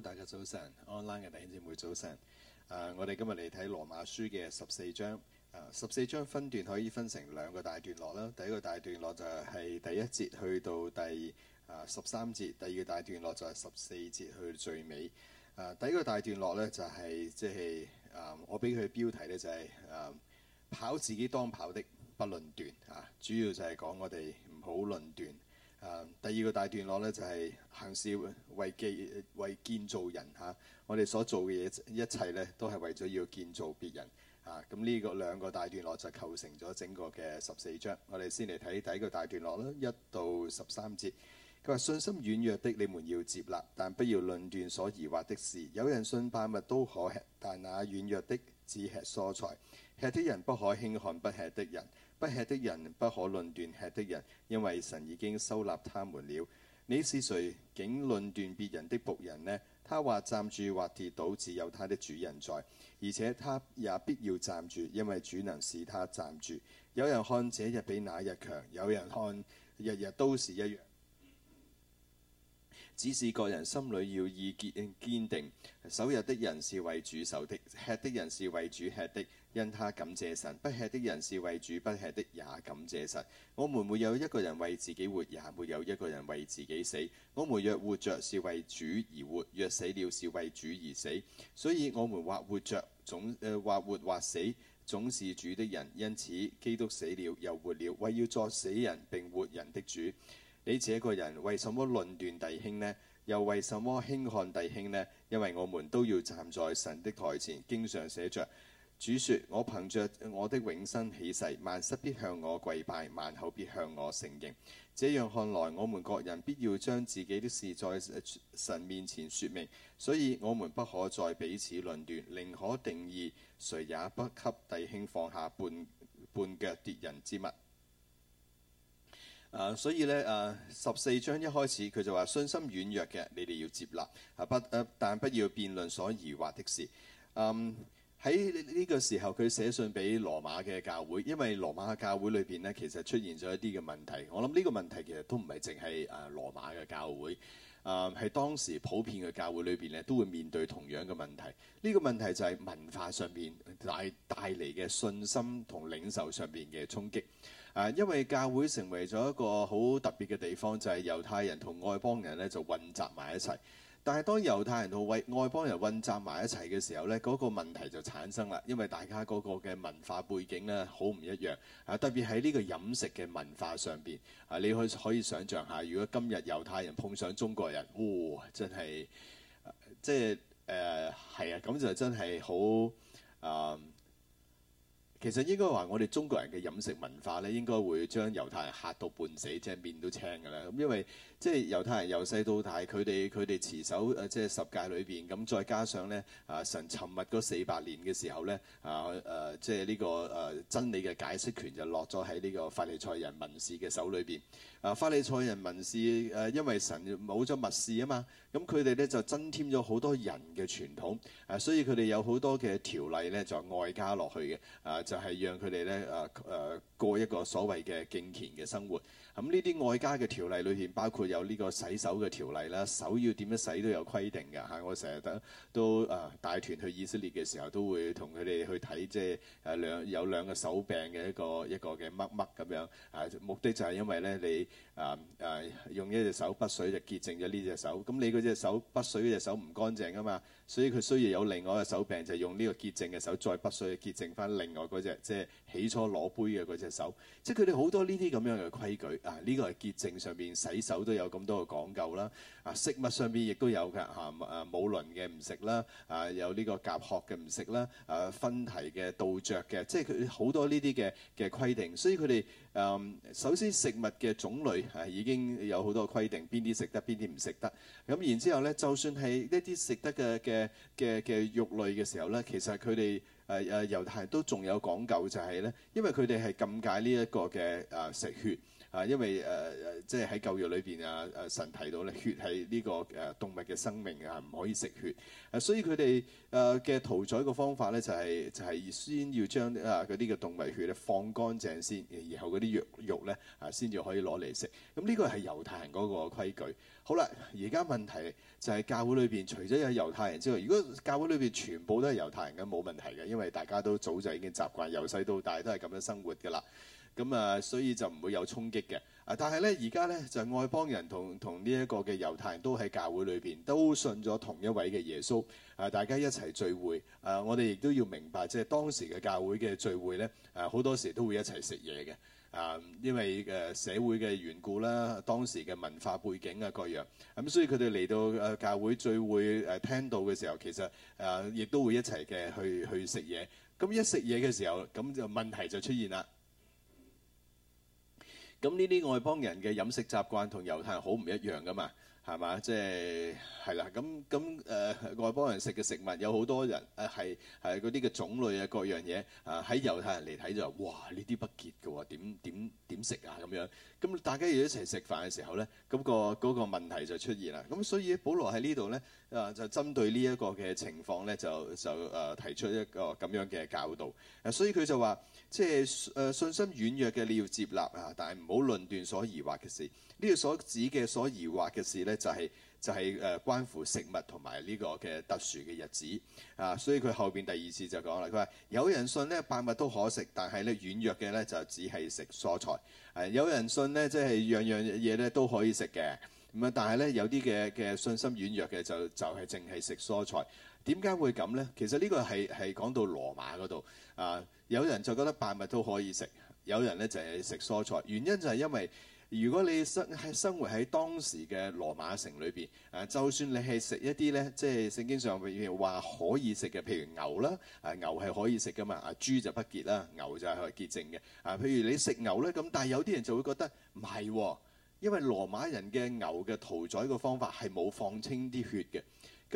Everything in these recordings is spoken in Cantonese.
大家早晨，online 嘅弟兄姊妹早晨。誒、uh,，我哋今日嚟睇羅馬書嘅十四章。誒、uh,，十四章分段可以分成兩個大段落啦。第一個大段落就係第一節去到第誒十三節，第二個大段落就係十四節去到最尾。誒、uh,，第一個大段落咧就係即係誒，就是 uh, 我俾佢標題咧就係、是、誒，uh, 跑自己當跑的不論斷，啊、uh,。主要就係講我哋唔好論斷。啊、第二個大段落呢，就係、是、行事為建為建造人嚇、啊，我哋所做嘅嘢一切呢，都係為咗要建造別人嚇。咁、啊、呢、啊、個兩個大段落就構成咗整個嘅十四章。我哋先嚟睇第一個大段落啦，一到十三節。佢話信心軟弱的你們要接納，但不要論斷所疑惑的事。有人信百物都可吃，但那軟弱的只吃蔬菜。吃的人不可輕看不吃的人。不吃的人不可論斷吃的人，因為神已經收納他們了。你是誰竟論斷別人的僕人呢？他或站住或跌倒，自有他的主人在，而且他也必要站住，因為主能使他站住。有人看這日比那日強，有人看日日都是一樣。只是各人心裏要意見堅定，守日的人是為主守的，吃的人是為主吃的，因他感謝神；不吃的人是為主不吃的，也感謝神。我們沒有一個人為自己活，也沒有一個人為自己死。我們若活着，是為主而活；若死了，是為主而死。所以我們或活着，總、呃、或活或死，總是主的人。因此，基督死了又活了，為要作死人並活人的主。你這個人為什麼論斷弟兄呢？又為什麼輕看弟兄呢？因為我們都要站在神的台前，經常寫着：「主說：我憑着我的永生起誓，萬失必向我跪拜，萬口必向我承認。」這樣看來，我們各人必要將自己的事在神面前説明，所以我們不可再彼此論斷，寧可定義，誰也不給弟兄放下半半腳跌人之物。啊，所以咧，啊十四章一開始，佢就話信心軟弱嘅，你哋要接納，啊不，誒、啊、但不要辯論所疑惑的事。嗯，喺呢個時候，佢寫信俾羅馬嘅教會，因為羅馬嘅教會裏邊呢，其實出現咗一啲嘅問題。我諗呢個問題其實都唔係淨係啊羅馬嘅教會，啊係當時普遍嘅教會裏邊咧，都會面對同樣嘅問題。呢、呢個問題就係文化上面帶帶嚟嘅信心同領受上邊嘅衝擊。啊，因為教會成為咗一個好特別嘅地方，就係、是、猶太人同外邦人呢就混雜埋一齊。但係當猶太人同外外邦人混雜埋一齊嘅時候呢嗰、那個問題就產生啦，因為大家嗰個嘅文化背景呢好唔一樣。啊，特別喺呢個飲食嘅文化上邊啊，你可以可以想像下，如果今日猶太人碰上中國人，哇、哦，真係即係誒係啊，咁、呃、就真係好啊！呃其實應該話我哋中國人嘅飲食文化咧，應該會將猶太人嚇到半死，即係面都青㗎啦。咁因為即係猶太人由細到大，佢哋佢哋持守誒即係十戒裏邊，咁再加上咧啊，神沉默嗰四百年嘅時候咧啊誒、啊，即係呢、這個誒、啊、真理嘅解釋權就落咗喺呢個法利賽人文士嘅手裏邊。啊，法利賽人民事誒、啊，因為神冇咗密事啊嘛，咁佢哋咧就增添咗好多人嘅傳統，誒、啊，所以佢哋有好多嘅條例咧就是、外加落去嘅，誒、啊，就係、是、讓佢哋咧誒誒過一個所謂嘅敬虔嘅生活。咁呢啲外加嘅條例裏邊包括有呢個洗手嘅條例啦，手要點樣洗都有規定嘅吓。我成日都都啊，帶團去以色列嘅時候，都會同佢哋去睇即係誒兩有兩個手柄嘅一個一個嘅乜乜咁樣，啊，目的就係因為咧你。啊誒用一隻手筆水就潔淨咗呢隻手，咁你嗰隻手筆水嗰隻手唔乾淨啊嘛，所以佢需要有另外嘅手柄，就用呢個潔淨嘅手再筆水去潔淨翻另外嗰隻，即係起初攞杯嘅嗰隻手。即係佢哋好多呢啲咁樣嘅規矩啊！呢個係潔淨上面洗手都有咁多嘅講究啦。啊，食物上面亦都有㗎，啊，冇鱗嘅唔食啦，啊，有呢個甲殼嘅唔食啦，啊，分蹄嘅倒着嘅，即係佢好多呢啲嘅嘅規定，所以佢哋誒首先食物嘅種類係、啊、已經有好多個規定，邊啲食得，邊啲唔食得。咁、啊、然之後咧，就算係一啲食得嘅嘅嘅嘅肉類嘅時候咧，其實佢哋誒誒猶太人都仲有講究，就係、是、咧，因為佢哋係禁戒呢一個嘅誒、啊、食血。啊，因為誒誒、呃，即係喺舊約裏邊啊，誒神提到咧，血係呢個誒動物嘅生命啊，唔可以食血。啊，所以佢哋誒嘅屠宰嘅方法咧，就係、是、就係、是、先要將啊嗰啲嘅動物血咧放乾淨先，然後嗰啲肉肉咧啊，先至可以攞嚟食。咁呢個係猶太人嗰個規矩。好啦，而家問題就係教會裏邊除咗有猶太人之外，如果教會裏邊全部都係猶太人嘅，冇問題嘅，因為大家都早就已經習慣由細到大都係咁樣生活㗎啦。咁啊、嗯，所以就唔會有衝擊嘅。啊，但係呢，而家呢，就外邦人同同呢一個嘅猶太人都喺教會裏邊，都信咗同一位嘅耶穌。啊，大家一齊聚會。啊，我哋亦都要明白，即係當時嘅教會嘅聚會呢，啊，好多時都會一齊食嘢嘅。啊，因為誒、啊、社會嘅緣故啦，當時嘅文化背景啊，各樣。咁、啊、所以佢哋嚟到誒、啊、教會聚會誒、啊、聽到嘅時候，其實誒亦、啊、都會一齊嘅去去食嘢。咁一食嘢嘅時候，咁就問題就出現啦。咁呢啲外邦人嘅飲食習慣同猶太人好唔一樣噶嘛？係嘛？即係係啦，咁咁誒，外邦人食嘅食物有好多人誒係係嗰啲嘅種類啊，各樣嘢啊，喺猶太人嚟睇就話：哇！呢啲不潔嘅喎，點點點食啊？咁樣咁大家要一齊食飯嘅時候咧，咁個嗰個問題就出現啦。咁所以保羅喺呢度咧誒，就針對呢一個嘅情況咧，就就誒提出一個咁樣嘅教導。誒，所以佢就話：即係誒信心軟弱嘅你要接納啊，但係唔好論斷所疑惑嘅事。呢個所指嘅所疑惑嘅事呢，就係、是、就係、是、誒、呃、關乎食物同埋呢個嘅特殊嘅日子啊，所以佢後邊第二次就講啦，佢話有人信呢，百物都可食，但係咧軟弱嘅呢，就只係食蔬菜；誒、啊、有人信呢，即係樣樣嘢咧都可以食嘅，咁啊但係呢，有啲嘅嘅信心軟弱嘅就就係淨係食蔬菜。點解會咁呢？其實呢個係係講到羅馬嗰度啊，有人就覺得百物都可以食，有人呢就係、是、食蔬菜。原因就係因為。如果你生係生活喺當時嘅羅馬城裏邊，誒、啊，就算你係食一啲咧，即係聖經上譬如話可以食嘅，譬如牛啦，誒、啊，牛係可以食噶嘛，誒、啊，豬就不潔啦，牛就係潔淨嘅，誒、啊，譬如你食牛咧，咁，但係有啲人就會覺得唔係，因為羅馬人嘅牛嘅屠宰嘅方法係冇放清啲血嘅，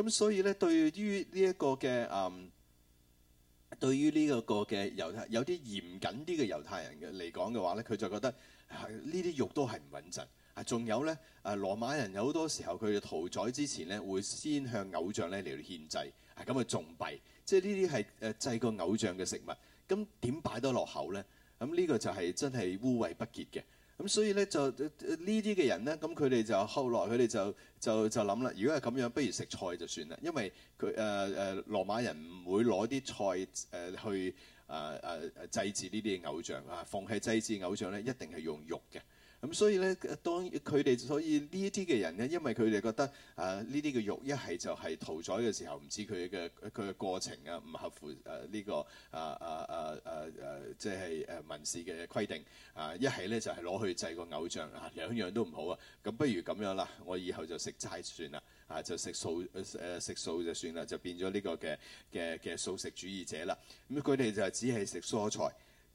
咁所以咧，對於呢一個嘅誒。嗯對於呢一個嘅猶太，有啲嚴謹啲嘅猶太人嚟講嘅話呢，佢就覺得呢啲、啊、肉都係唔穩陣。啊，仲有呢，啊羅馬人有好多時候佢屠宰之前呢，會先向偶像呢嚟到獻祭。啊，咁啊仲弊，即係呢啲係誒祭過偶像嘅食物。咁點擺得落口呢？咁、啊、呢、這個就係真係污穢不潔嘅。咁所以咧就呢啲嘅人咧，咁佢哋就後來佢哋就就就諗啦。如果係咁樣，不如食菜就算啦。因為佢誒誒羅馬人唔會攞啲菜誒、啊、去誒誒誒祭祀呢啲偶像啊，凡係祭祀偶像咧，一定係用肉嘅。咁所以咧，當佢哋所以呢一啲嘅人咧，因為佢哋覺得啊，呢啲嘅肉一係就係屠宰嘅時候唔知佢嘅佢嘅過程啊，唔合乎誒呢、呃這個、呃、啊啊啊啊誒，即係誒民事嘅規定啊，一係咧就係、是、攞去祭個偶像啊，兩樣都唔好啊，咁不如咁樣啦，我以後就食齋算啦，啊就食素誒食、呃、素就算啦，就變咗呢個嘅嘅嘅素食主義者啦，咁佢哋就只係食蔬菜。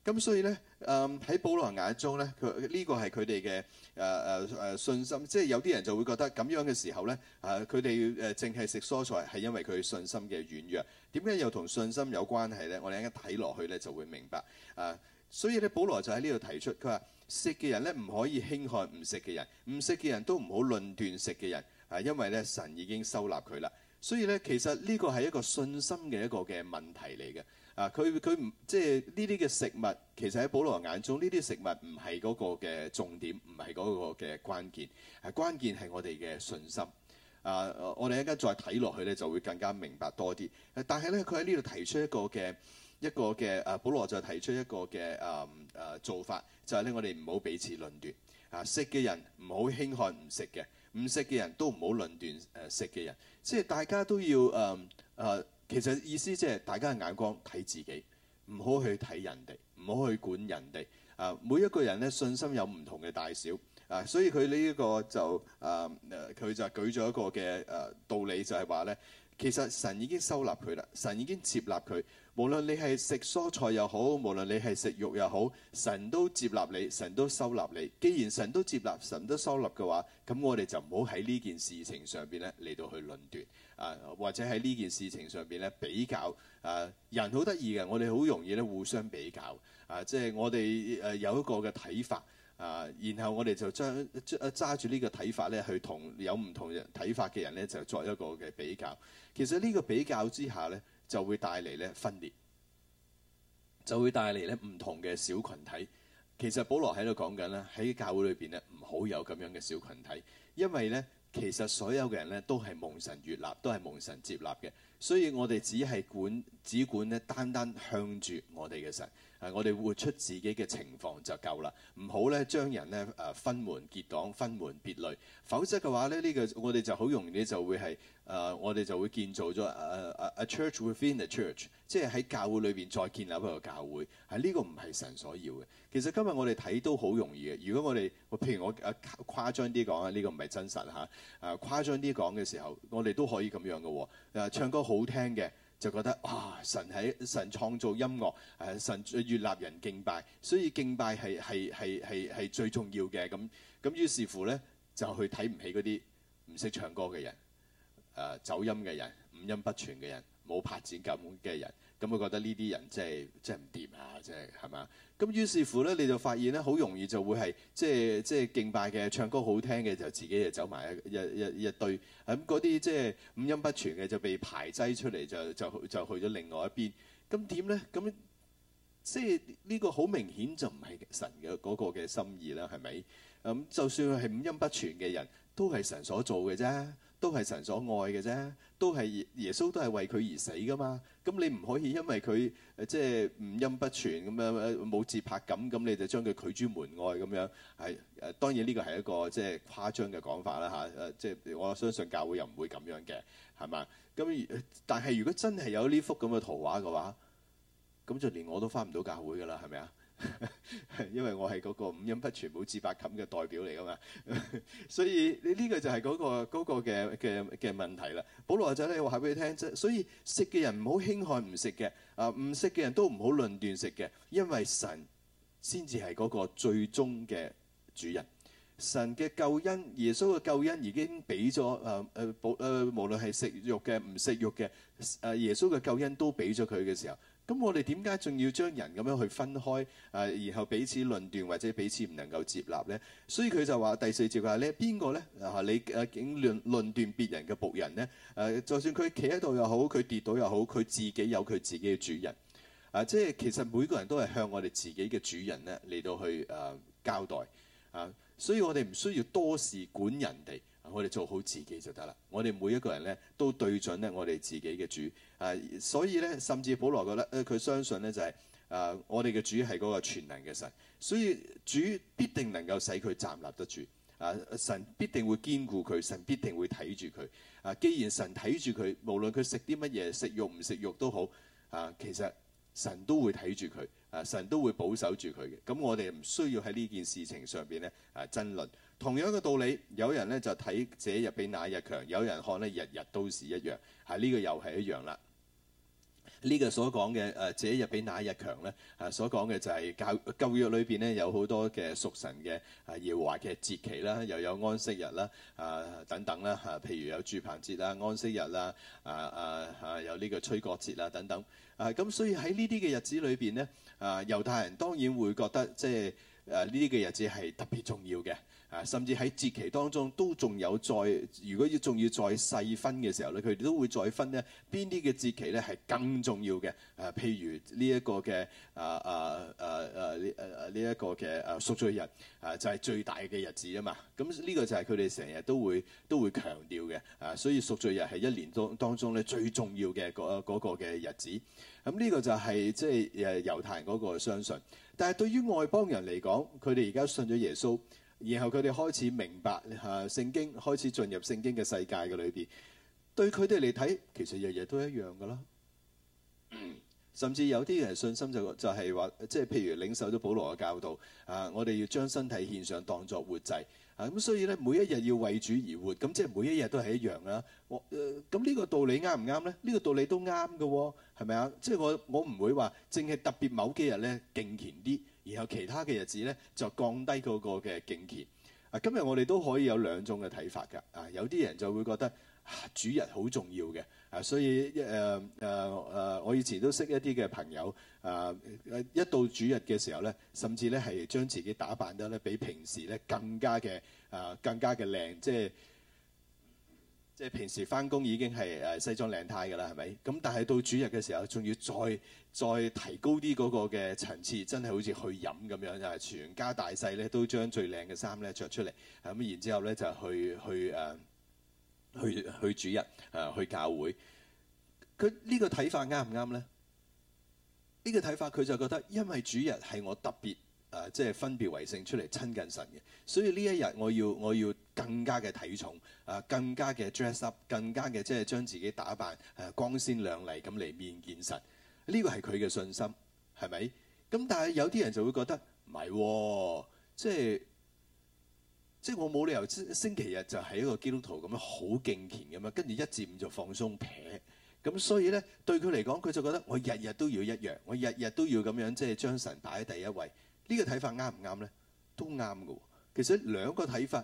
咁所以咧，喺保羅眼中咧，佢呢個係佢哋嘅誒誒誒信心，即係有啲人就會覺得咁樣嘅時候咧，佢哋淨係食蔬菜係因為佢信心嘅軟弱。點解又同信心有關係咧？我哋啱啱睇落去咧就會明白。所以咧，保羅就喺呢度提出，佢話食嘅人咧唔可以輕看唔食嘅人，唔食嘅人都唔好論斷食嘅人，因為咧神已經收納佢啦。所以咧，其實呢個係一個信心嘅一個嘅問題嚟嘅。啊！佢佢唔即係呢啲嘅食物，其實喺保羅眼中，呢啲食物唔係嗰個嘅重點，唔係嗰個嘅關鍵。係、啊、關鍵係我哋嘅信心。啊！啊我哋一陣再睇落去咧，就會更加明白多啲，啊。但係咧，佢喺呢度提出一個嘅一個嘅啊，保羅就提出一個嘅啊啊做法，就係咧，我哋唔好彼此論斷。啊，食嘅人唔好輕看唔食嘅，唔食嘅人都唔好論斷誒食嘅人。即係大家都要嗯啊。啊其實意思即係大家嘅眼光睇自己，唔好去睇人哋，唔好去管人哋。啊，每一個人咧信心有唔同嘅大小，啊，所以佢呢、呃、一個就啊誒，佢就舉咗一個嘅誒道理就，就係話咧。其實神已經收納佢啦，神已經接納佢。無論你係食蔬菜又好，無論你係食肉又好，神都接納你，神都收納你。既然神都接納，神都收納嘅話，咁我哋就唔好喺呢件事情上邊咧嚟到去論斷啊，或者喺呢件事情上邊咧比較啊，人好得意嘅，我哋好容易咧互相比較啊，即係我哋誒有一個嘅睇法。啊，然後我哋就將揸，揸，揸住個呢個睇法咧，去同有唔同人睇法嘅人咧，就作一個嘅比較。其實呢個比較之下呢，就會帶嚟咧分裂，就會帶嚟咧唔同嘅小群體。其實保羅喺度講緊呢，喺教會裏邊呢，唔好有咁樣嘅小群體，因為呢，其實所有嘅人呢都係蒙神悅納，都係蒙神接納嘅，所以我哋只係管，只管咧單單向住我哋嘅神。係、啊，我哋活出自己嘅情況就夠啦。唔好咧，將人咧誒、啊、分門結黨、分門別類，否則嘅話咧，呢、這個我哋就好容易咧就會係誒、啊，我哋就會建造咗誒誒誒 a church within a church，即係喺教會裏邊再建立一個教會。係、啊、呢、這個唔係神所要嘅。其實今日我哋睇都好容易嘅。如果我哋譬如我誒誇張啲講、這個、啊，呢個唔係真實嚇，誒誇張啲講嘅時候，我哋都可以咁樣嘅喎、哦啊、唱歌好聽嘅。就覺得啊，神喺神創造音樂，誒、啊、神悅納人敬拜，所以敬拜係係係係係最重要嘅。咁咁於是乎咧，就去睇唔起啲唔識唱歌嘅人，誒、啊、走音嘅人，五音不全嘅人，冇拍展感嘅人。咁我覺得呢啲人即係即係唔掂啊！即係係嘛？咁於是乎咧，你就發現咧，好容易就會係即係即係敬拜嘅、唱歌好聽嘅，就自己就走埋一一一一堆。咁嗰啲即係五音不全嘅，就被排擠出嚟，就就就去咗另外一邊。咁點咧？咁、嗯、即係呢個好明顯就唔係神嘅嗰個嘅心意啦，係咪？咁、嗯、就算係五音不全嘅人都係神所做嘅啫。都係神所愛嘅啫，都係耶穌都係為佢而死噶嘛。咁你唔可以因為佢即係五音不全咁樣冇節拍感，咁你就將佢拒諸門外咁樣係誒。當然呢個係一個即係、就是、誇張嘅講法啦嚇誒。即、啊、係、就是、我相信教會又唔會咁樣嘅係嘛？咁但係如果真係有呢幅咁嘅圖畫嘅話，咁就連我都返唔到教會噶啦，係咪啊？ 因為我係嗰個五音不全、冇智白冚嘅代表嚟㗎嘛， 所以你呢個就係嗰、嗰個嘅嘅嘅問題啦。保羅就你話俾你聽啫，所以食嘅人唔好輕看唔食嘅，啊唔食嘅人都唔好論斷食嘅，因為神先至係嗰個最終嘅主人。神嘅救恩、耶穌嘅救恩已經俾咗啊誒保誒，無論係食肉嘅、唔食肉嘅誒、啊，耶穌嘅救恩都俾咗佢嘅時候。咁我哋點解仲要將人咁樣去分開？誒、啊，然後彼此論斷或者彼此唔能夠接納呢？所以佢就話第四節話咧，你係邊個呢？嚇、啊、你誒竟、啊、論論斷別人嘅僕人呢？誒、啊，就算佢企喺度又好，佢跌倒又好，佢自己有佢自己嘅主人。誒、啊，即係其實每個人都係向我哋自己嘅主人呢嚟到去誒、啊、交代啊。所以我哋唔需要多事管人哋。我哋做好自己就得啦。我哋每一個人咧都對準咧我哋自己嘅主啊，所以咧甚至保羅覺得，佢、呃、相信咧就係、是、啊，我哋嘅主係嗰個全能嘅神，所以主必定能夠使佢站立得住啊。神必定會堅固佢，神必定會睇住佢啊。既然神睇住佢，無論佢食啲乜嘢，食肉唔食肉都好啊，其實神都會睇住佢啊，神都會保守住佢嘅。咁我哋唔需要喺呢件事情上邊咧啊爭論。同樣嘅道理，有人咧就睇這日比那日強，有人看咧日日都是一樣。係呢個又係一樣啦。呢個所講嘅誒，這日比那日強咧，誒所講嘅就係教舊約裏邊咧有好多嘅屬神嘅啊耶和華嘅節期啦，又有安息日啦啊等等啦嚇，譬如有住棚節啦、安息日啦啊啊啊有呢個吹角節啦等等啊。咁所以喺呢啲嘅日子裏邊咧啊，猶太人當然會覺得即係誒呢啲嘅日子係特別重要嘅。啊！甚至喺節期當中都仲有再，如果要仲要再細分嘅時候咧，佢哋都會再分咧邊啲嘅節期咧係更重要嘅。誒、啊，譬如呢一個嘅誒誒誒誒誒誒呢一個嘅誒贖罪日誒、啊，就係、是、最大嘅日子啊嘛。咁、啊、呢、這個就係佢哋成日都會都會強調嘅啊。所以贖罪日係一年當當中咧最重要嘅嗰個嘅日子。咁、啊、呢、這個就係即係誒猶太人嗰個相信，但係對於外邦人嚟講，佢哋而家信咗耶穌。然後佢哋開始明白吓聖經，開始進入聖經嘅世界嘅裏邊。對佢哋嚟睇，其實日日都一樣㗎啦。甚至有啲人信心就就係話，即係譬如領受咗保羅嘅教導啊，我哋要將身體獻上，當作活祭啊。咁所以咧，每一日要為主而活，咁即係每一日都係一樣啦。我呃，咁呢個道理啱唔啱咧？呢個道理都啱嘅喎，係咪啊？即係我我唔會話，淨係特別某幾日咧敬虔啲。然後其他嘅日子咧就降低嗰個嘅敬虔。啊，今日我哋都可以有兩種嘅睇法㗎。啊，有啲人就會覺得，啊，主日好重要嘅。啊，所以誒誒誒，我以前都識一啲嘅朋友。啊，一到主日嘅時候咧，甚至咧係將自己打扮得咧比平時咧更加嘅啊，更加嘅靚，即係。即係平時翻工已經係誒西裝領呔㗎啦，係咪？咁但係到主日嘅時候，仲要再再提高啲嗰個嘅層次，真係好似去飲咁樣，就係全家大細咧都將最靚嘅衫咧着出嚟，咁然之後咧就去去誒、啊、去去主日誒、啊、去教會。佢呢、這個睇法啱唔啱咧？呢個睇法佢就覺得，因為主日係我特別。誒、啊，即係分別為聖出嚟親近神嘅，所以呢一日我要我要更加嘅體重，誒、啊，更加嘅 dress up，更加嘅即係將自己打扮誒、啊、光鮮亮麗。咁嚟面見神。呢個係佢嘅信心係咪？咁但係有啲人就會覺得唔係、哦，即係即係我冇理由星期日就係一個基督徒咁樣好敬虔咁樣，跟住一至五就放鬆撇咁，所以咧對佢嚟講，佢就覺得我日日都要一樣，我日日都要咁樣即係將神擺喺第一位。呢個睇法啱唔啱呢？都啱嘅、哦。其實兩個睇法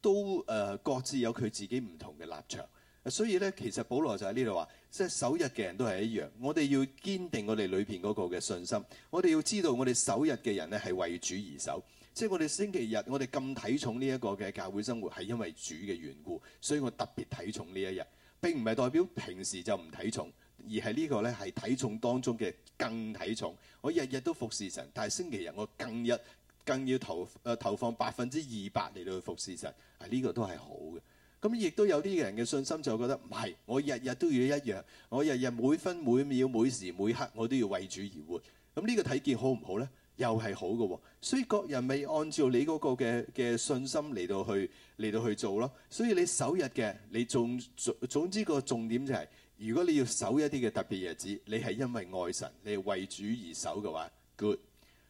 都誒、呃、各自有佢自己唔同嘅立場。所以咧，其實保羅就喺呢度話，即係守日嘅人都係一樣。我哋要堅定我哋裏邊嗰個嘅信心。我哋要知道我哋守日嘅人咧係為主而守。即係我哋星期日，我哋咁睇重呢一個嘅教會生活，係因為主嘅緣故。所以我特別睇重呢一日，並唔係代表平時就唔睇重。而係呢個咧係體重當中嘅更體重。我日日都服侍神，但係星期日我更日更要投誒投放百分之二百嚟到去服侍神。啊，呢、這個都係好嘅。咁、嗯、亦都有啲人嘅信心就覺得唔係，我日日都要一樣，我日日每分每秒每時每刻我都要為主而活。咁、嗯、呢、這個體檢好唔好呢？又係好嘅、哦。所以各人未按照你嗰個嘅嘅信心嚟到去嚟到去做咯。所以你首日嘅你重總總,總之個重點就係、是。如果你要守一啲嘅特別日子，你係因為愛神，你係為主而守嘅話，good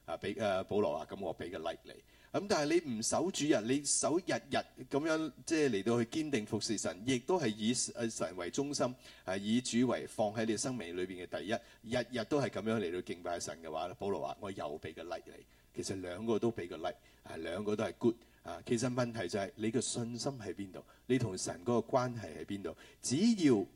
啊，俾誒保羅話，咁我俾個 like 你。咁但係你唔守主日，你守日日咁樣，即係嚟到去堅定服侍神，亦都係以誒神為中心，係以主為放喺你生命裏邊嘅第一，日日都係咁樣嚟到敬拜神嘅話咧，保羅話我又俾個 like 你。其實兩個都俾個 like，係兩個都係 good 啊。其實問題就係你嘅信心喺邊度，你同神嗰個關係喺邊度，只要，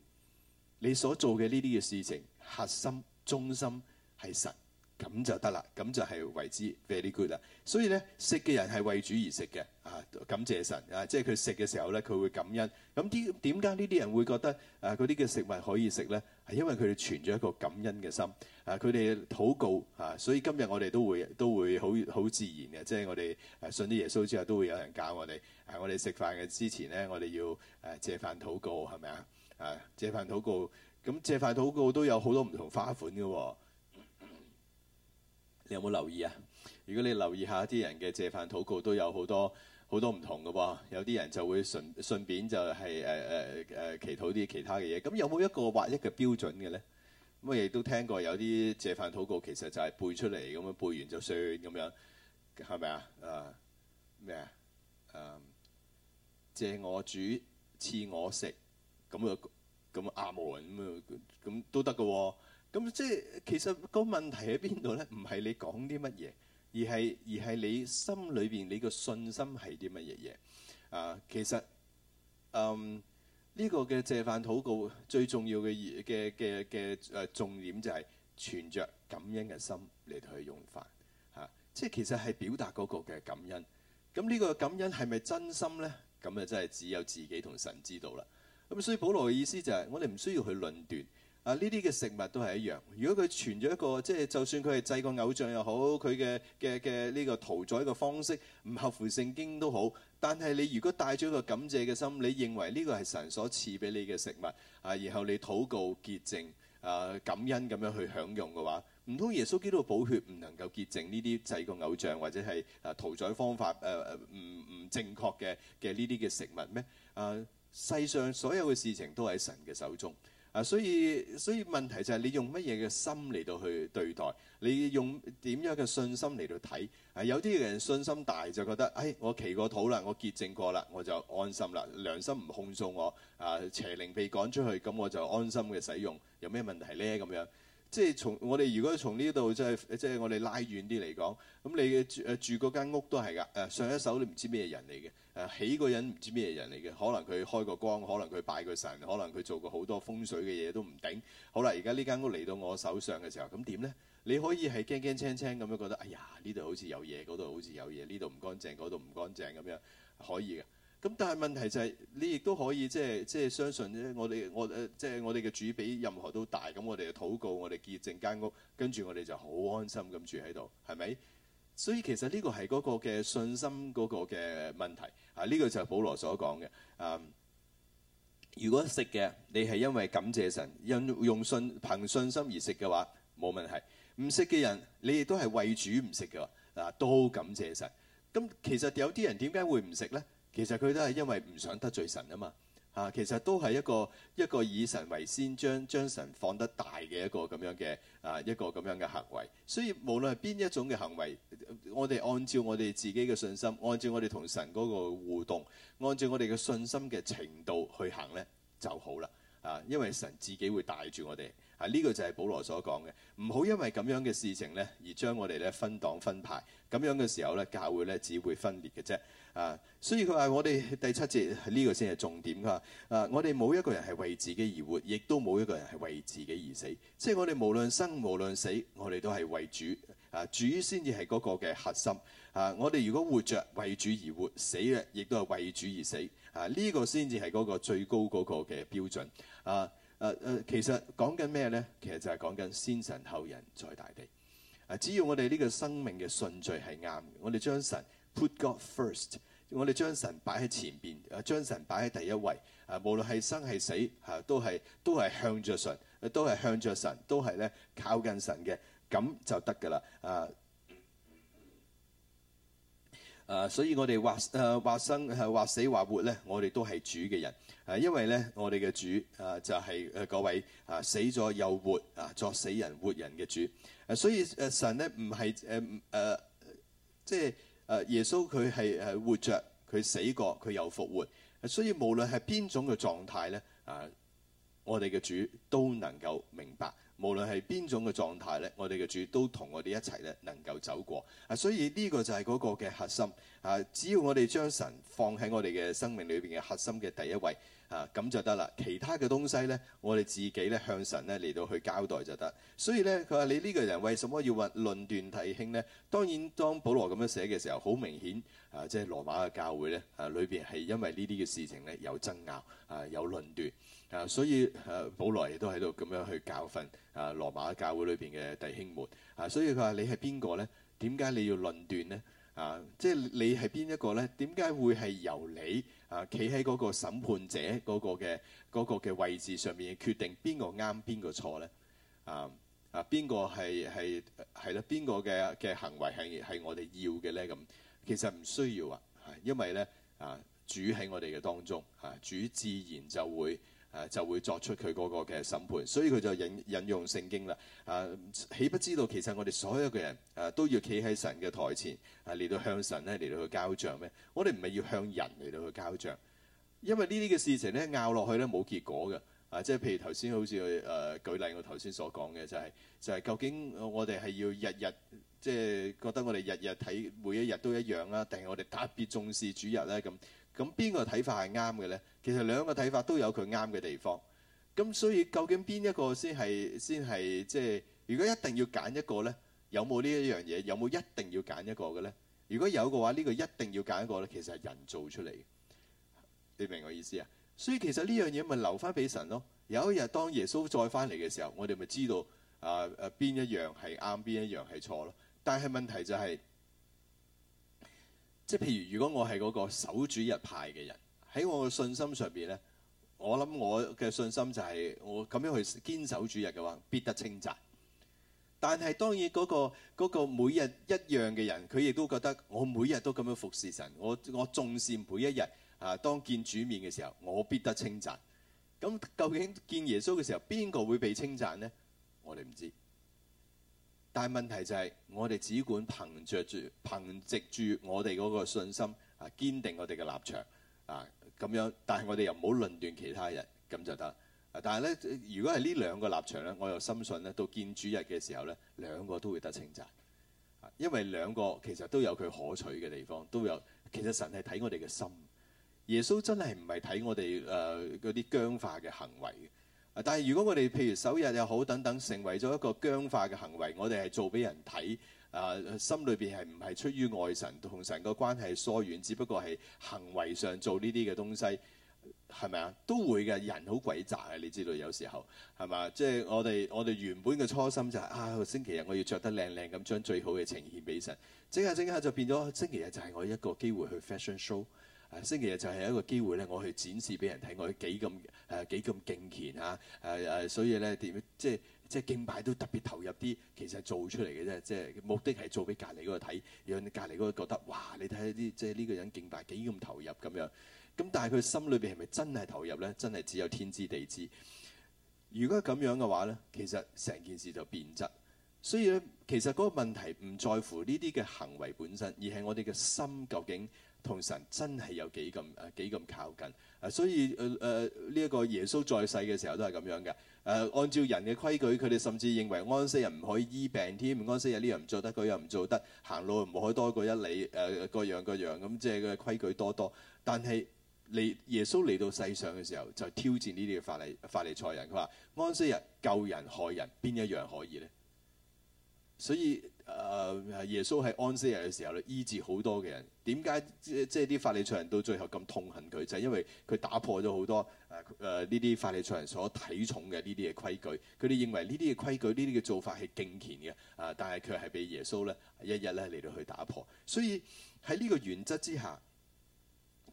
你所做嘅呢啲嘅事情，核心中心係神，咁就得啦，咁就係為之 very good 啦。所以咧，食嘅人係為主而食嘅，啊感謝神啊，即係佢食嘅時候咧，佢會感恩。咁啲點解呢啲人會覺得啊嗰啲嘅食物可以食咧？係因為佢哋存咗一個感恩嘅心啊！佢哋禱告啊，所以今日我哋都會都會好好自然嘅，即係我哋誒信咗耶穌之後，都會有人教我哋誒、啊、我哋食飯嘅之前咧，我哋要誒、啊、借飯禱告，係咪啊？啊！借飯禱告咁、嗯，借飯禱告都有好多唔同花款嘅、哦。 你有冇留意啊？如果你留意一下一啲人嘅借飯禱告，都有好多好多唔同嘅喎、哦。有啲人就會順順便就係誒誒誒祈禱啲其他嘅嘢。咁、嗯、有冇一個劃一嘅標準嘅咧？咁、嗯、我亦都聽過有啲借飯禱告其實就係背出嚟咁樣，背完就算咁樣，係咪啊？啊咩啊？誒，借我煮，賜我食。咁啊，咁啊，阿毛咁啊，都得㗎喎。咁即係其實個問題喺邊度咧？唔係你講啲乜嘢，而係而係你心裏邊你個信心係啲乜嘢嘢啊？其實嗯呢、呢個嘅謝飯禱告最重要嘅嘅嘅嘅誒重點就係存着感恩嘅心嚟同佢用飯嚇。即係其實係表達嗰個嘅感恩。咁呢個感恩係咪真心咧？咁啊，真係只有自己同神知道啦。咁、嗯、所以保羅嘅意思就係，我哋唔需要去論斷啊！呢啲嘅食物都係一樣。如果佢存咗一個，即係就算佢係祭個偶像又好，佢嘅嘅嘅呢個屠宰嘅方式唔合乎聖經都好。但係你如果帶咗一個感謝嘅心，你認為呢個係神所賜俾你嘅食物啊，然後你禱告潔淨啊感恩咁樣去享用嘅話，唔通耶穌基督嘅寶血唔能夠潔淨呢啲祭個偶像或者係啊屠宰方法誒唔唔正確嘅嘅呢啲嘅食物咩？啊？啊世上所有嘅事情都喺神嘅手中啊，所以所以問題就係你用乜嘢嘅心嚟到去對待，你用點樣嘅信心嚟到睇啊？有啲人信心大就覺得，哎，我祈過禱啦，我潔淨過啦，我就安心啦，良心唔控訴我啊、呃，邪靈被趕出去，咁我就安心嘅使用，有咩問題呢？咁樣。即係從我哋如果從呢度、就是、即係即係我哋拉遠啲嚟講，咁你住誒、啊、住嗰間屋都係噶，誒上一手你唔知咩人嚟嘅，誒起個人唔知咩人嚟嘅，可能佢開個光，可能佢拜個神，可能佢做過好多風水嘅嘢都唔頂。好啦，而家呢間屋嚟到我手上嘅時候，咁點呢？你可以係驚驚青青咁樣覺得，哎呀，呢度好似有嘢，嗰度好似有嘢，呢度唔乾淨，嗰度唔乾淨咁樣，可以嘅。咁但係問題就係，你亦都可以即係即係相信咧。我哋我誒即係我哋嘅主比任何都大。咁我哋就禱告，我哋建成間屋，跟住我哋就好安心咁住喺度，係咪？所以其實呢個係嗰個嘅信心嗰個嘅問題啊。呢、這個就係保羅所講嘅啊。如果食嘅你係因為感謝神，因用信憑信心而食嘅話，冇問題。唔食嘅人，你亦都係為主唔食嘅嗱，都感謝神。咁、啊、其實有啲人點解會唔食咧？其實佢都係因為唔想得罪神啊嘛，嚇、啊，其實都係一個一個以神為先，將將神放得大嘅一個咁樣嘅啊一個咁樣嘅行為。所以無論係邊一種嘅行為，我哋按照我哋自己嘅信心，按照我哋同神嗰個互動，按照我哋嘅信心嘅程度去行呢就好啦，嚇、啊，因為神自己會帶住我哋。啊！呢個就係保羅所講嘅，唔好因為咁樣嘅事情咧，而將我哋咧分黨分派。咁樣嘅時候咧，教會咧只會分裂嘅啫。啊！所以佢話：我哋第七節呢個先係重點㗎。啊！我哋冇一個人係為自己而活，亦都冇一個人係為自己而死。即係我哋無論生無論死，我哋都係為主。啊！主先至係嗰個嘅核心。啊！我哋如果活着為主而活，死嘅亦都係為主而死。啊！呢個先至係嗰個最高嗰個嘅標準。啊！誒誒，uh, 其實講緊咩呢？其實就係講緊先神後人，在大地。啊，只要我哋呢個生命嘅順序係啱，我哋將神 put God first，我哋將神擺喺前邊，誒、啊、將神擺喺第一位。誒、啊，無論係生係死嚇、啊，都係都係向着神，啊、神，都係向着神，都係咧靠近神嘅，咁就得㗎喇。啊啊，所以我哋話誒話生誒話死話活咧，我哋都係主嘅人。因為呢，我哋嘅主啊，就係、是、誒，嗰位啊，死咗又活啊，作死人活人嘅主啊。所以啊，神呢，唔係誒唔即係耶穌佢係誒活着，佢死過，佢又復活啊。所以無論係邊種嘅狀態呢，啊，我哋嘅主都能夠明白，無論係邊種嘅狀態呢，我哋嘅主都同我哋一齊呢能夠走過。啊，所以呢個就係嗰個嘅核心。啊，只要我哋將神放喺我哋嘅生命裏邊嘅核心嘅第一位。啊，咁就得啦。其他嘅東西呢，我哋自己呢，向神呢嚟到去交代就得。所以呢，佢話你呢個人為什麼要話論斷弟兄呢？當然，當保羅咁樣寫嘅時候，好明顯啊，即係羅馬嘅教會呢，啊，裏邊係因為呢啲嘅事情呢，有爭拗啊，有論斷啊，所以啊，保羅亦都喺度咁樣去教訓啊羅馬教會裏邊嘅弟兄們啊，所以佢話你係邊個呢？點解你要論斷呢？啊！即係你係邊一個呢？點解會係由你啊？企喺嗰個審判者嗰個嘅嗰個嘅位置上面決定邊個啱邊個錯呢？啊啊！邊個係係係啦？邊個嘅嘅行為係係我哋要嘅呢？咁其實唔需要啊，因為呢，啊，主喺我哋嘅當中啊，主自然就會。誒、啊、就會作出佢嗰個嘅審判，所以佢就引引用聖經啦。誒、啊，豈不知道其實我哋所有嘅人誒、啊、都要企喺神嘅台前，誒、啊、嚟到向神咧嚟到去交賬咩？我哋唔係要向人嚟到去交賬，因為呢啲嘅事情咧拗落去咧冇結果嘅。誒、啊，即係譬如頭先好似誒、呃、舉例我，我頭先所講嘅就係、是、就係、是、究竟我哋係要日日即係、就是、覺得我哋日日睇每一日都一樣啦，定係我哋特別重視主日咧咁？咁邊個睇法係啱嘅呢？其實兩個睇法都有佢啱嘅地方。咁所以究竟邊一個先係先係即係？如果一定要揀一個呢，有冇呢一樣嘢？有冇一定要揀一個嘅呢？如果有嘅話，呢個一定要揀一個呢，其實係人造出嚟。你明我意思啊？所以其實呢樣嘢咪留翻俾神咯。有一日當耶穌再翻嚟嘅時候，我哋咪知道啊啊邊一樣係啱，邊一樣係錯咯。但係問題就係。即係譬如，如果我係嗰個守主日派嘅人，喺我嘅信心上邊咧，我諗我嘅信心就係、是、我咁樣去堅守主日嘅話，必得稱讚，但係當然嗰、那個嗰、那個每日一樣嘅人，佢亦都覺得我每日都咁樣服侍神，我我重視，每一日啊，當見主面嘅時候，我必得稱讚。咁究竟見耶穌嘅時候，邊個會被稱讚咧？我哋唔知。但係問題就係，我哋只管憑著住憑藉住我哋嗰個信心啊，堅定我哋嘅立場啊，咁樣。但係我哋又唔好論斷其他人咁就得。啊，但係呢，如果係呢兩個立場咧，我又深信咧，到見主日嘅時候咧，兩個都會得稱讚。啊，因為兩個其實都有佢可取嘅地方，都有。其實神係睇我哋嘅心，耶穌真係唔係睇我哋誒嗰啲僵化嘅行為。但係如果我哋譬如守日又好等等，成為咗一個僵化嘅行為，我哋係做俾人睇，啊，心裏邊係唔係出於愛神同神個關係疏遠，只不過係行為上做呢啲嘅東西，係咪啊？都會嘅人好鬼詐嘅，你知道有時候係嘛？即係我哋我哋原本嘅初心就係、是、啊星期日我要着得靚靚咁，將最好嘅呈現俾神。整下整下就變咗，星期日就係我一個機會去 fashion show。星期日就係一個機會咧，我去展示俾人睇，我去幾咁誒幾咁敬虔嚇誒誒，所以咧點即即，即敬拜都特別投入啲，其實做出嚟嘅啫，即目的係做俾隔離嗰個睇，讓隔離嗰個覺得哇，你睇下啲即呢個人敬拜幾咁投入咁樣，咁但係佢心裏邊係咪真係投入咧？真係只有天知地知。如果咁樣嘅話咧，其實成件事就變質。所以咧，其實嗰個問題唔在乎呢啲嘅行為本身，而係我哋嘅心究竟。同神真係有幾咁誒幾咁靠近啊！所以誒誒呢一個耶穌在世嘅時候都係咁樣嘅誒、呃。按照人嘅規矩，佢哋甚至認為安息日唔可以醫病添，安息日呢樣唔做得，嗰樣唔做得，行路唔可以多過一里誒、呃，各樣各樣咁，即係嘅規矩多多。但係嚟耶穌嚟到世上嘅時候，就挑戰呢啲嘅法例法利賽人，佢話安息日救人害人邊一樣可以呢？」所以。誒耶穌喺安息日嘅時候咧，醫治好多嘅人。點解即係啲法利賽人到最後咁痛恨佢？就係、是、因為佢打破咗好多誒誒呢啲法利賽人所睇重嘅呢啲嘅規矩。佢哋認為呢啲嘅規矩、呢啲嘅做法係敬虔嘅。啊、呃，但係佢係俾耶穌咧，一日咧嚟到去打破。所以喺呢個原則之下，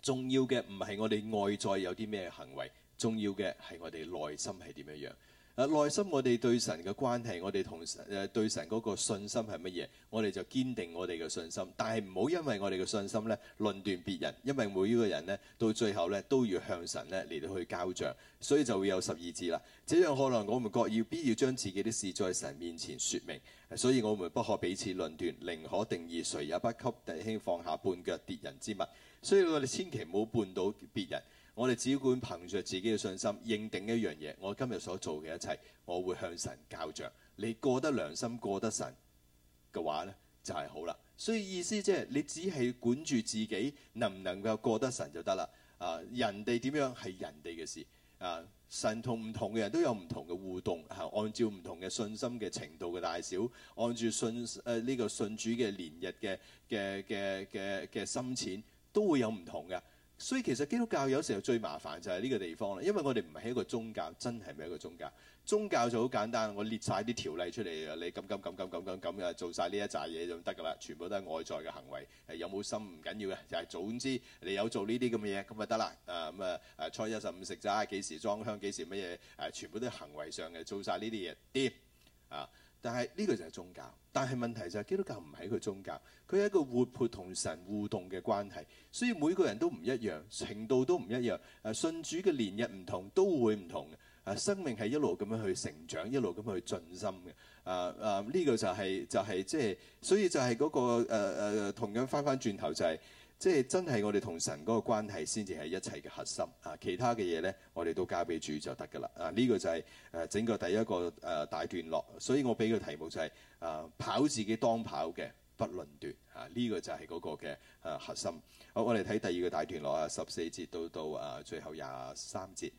重要嘅唔係我哋外在有啲咩行為，重要嘅係我哋內心係點樣樣。啊，內心我哋對神嘅關係，我哋同誒對神嗰個信心係乜嘢？我哋就堅定我哋嘅信心，但係唔好因為我哋嘅信心咧論斷別人，因為每個人呢，到最後咧都要向神咧嚟到去交賬，所以就會有十二節啦。這樣看來我唔覺要必要將自己啲事在神面前説明，所以我們不可彼此論斷，寧可定意誰也不給弟兄放下絆腳跌人之物，所以我哋千祈唔好絆到別人。我哋只管憑著自己嘅信心，認定一樣嘢。我今日所做嘅一切，我會向神交著。你過得良心，過得神嘅話呢，就係好啦。所以意思即係，你只係管住自己能唔能夠過得神就得啦。啊，人哋點樣係人哋嘅事。啊，神同唔同嘅人都有唔同嘅互動，係按照唔同嘅信心嘅程度嘅大小，按住信誒呢個信主嘅年日嘅嘅嘅嘅嘅深淺，都會有唔同嘅。所以其實基督教有時候最麻煩就係呢個地方啦，因為我哋唔係一個宗教，真係唔係一個宗教。宗教就好簡單，我列晒啲條例出嚟啊，你咁咁咁咁咁咁咁嘅做晒呢一紮嘢就得㗎啦，全部都係外在嘅行為，有冇心唔緊要嘅，就係、是、總之你有做呢啲咁嘅嘢咁咪得啦，啊咁、嗯、啊誒初一十五食齋，幾時裝香，幾時乜嘢誒，全部都係行為上嘅做晒呢啲嘢，掂啊！但係呢、這個就係宗教，但係問題就係基督教唔係一個宗教，佢係一個活潑同神互動嘅關係，所以每個人都唔一樣，程度都唔一樣，誒、啊、信主嘅年日唔同，都會唔同嘅，誒、啊、生命係一路咁樣去成長，一路咁去進心。嘅，啊啊呢、這個就係、是、就係即係，所以就係嗰、那個誒、啊啊、同樣翻翻轉頭就係、是。即係真係我哋同神嗰個關係先至係一切嘅核心啊！其他嘅嘢呢，我哋都交俾主就得噶啦啊！呢、這個就係誒整個第一個誒大段落，所以我俾嘅題目就係、是、誒、啊、跑自己當跑嘅不論斷啊！呢、這個就係嗰個嘅誒核心。好、啊，我哋睇第二個大段落啊，十四節到到誒最後廿三節。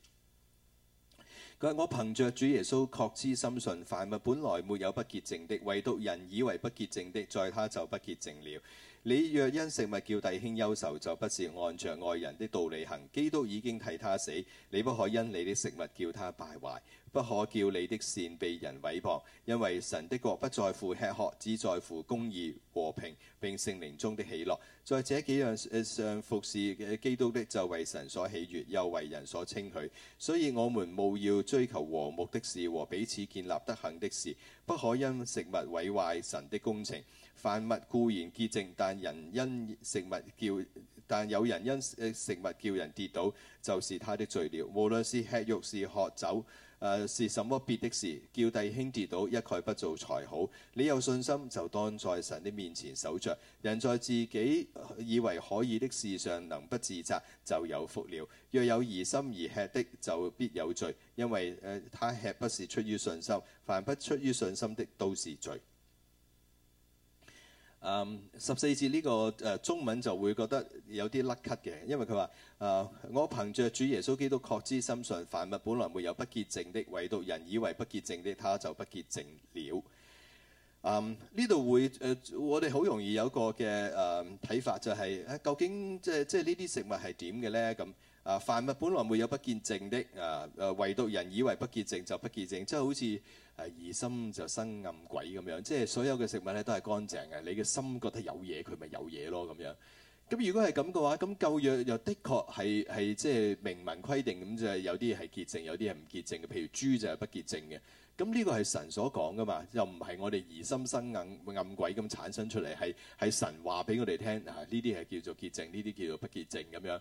佢話：我憑着主耶穌確知深信，凡物本來沒有不潔淨的，唯獨人以為不潔淨的，在他就不潔淨了。你若因食物叫弟兄憂愁，就不是按着愛人的道理行。基督已經替他死，你不可因你的食物叫他敗壞，不可叫你的善被人毀謗。因為神的國不在乎吃喝，只在乎公義、和平並聖靈中的喜樂。在這幾樣、呃、上服侍基督的，就為神所喜悅，又為人所稱許。所以我們務要追求和睦的事和彼此建立德行的事，不可因食物毀壞神的工程。凡物固然潔淨，但人因食物叫但有人因食物叫人跌倒，就是他的罪了。無論是吃肉是喝酒，誒、呃、是什麼別的事，叫弟兄跌倒，一概不做才好。你有信心就當在神的面前守着。人在自己以為可以的事上能不自責，就有福了。若有疑心而吃的，就必有罪，因為、呃、他吃不是出於信心。凡不出於信心的，都是罪。嗯，um, 十四節呢、這個誒、呃、中文就會覺得有啲甩咳嘅，因為佢話誒，我憑著主耶穌基督確知深信，凡物本來沒有不潔淨的，唯獨人以為不潔淨的，他就不潔淨了。嗯，呢度會誒、呃，我哋好容易有個嘅誒睇法、就是，就係誒究竟即係即係呢啲食物係點嘅咧咁。嗯啊！凡物本來沒有不潔淨的啊！誒，唯獨人以為不潔淨就不潔淨，即係好似誒疑心就生暗鬼咁樣。即係所有嘅食物咧都係乾淨嘅，你嘅心覺得有嘢，佢咪有嘢咯咁樣。咁如果係咁嘅話，咁舊約又的確係係即係明文規定咁就係有啲係潔淨，有啲係唔潔淨嘅。譬如豬就係不潔淨嘅。咁呢個係神所講㗎嘛？又唔係我哋疑心生暗暗鬼咁產生出嚟，係係神話俾我哋聽啊！呢啲係叫做潔淨，呢啲叫做不潔淨咁樣。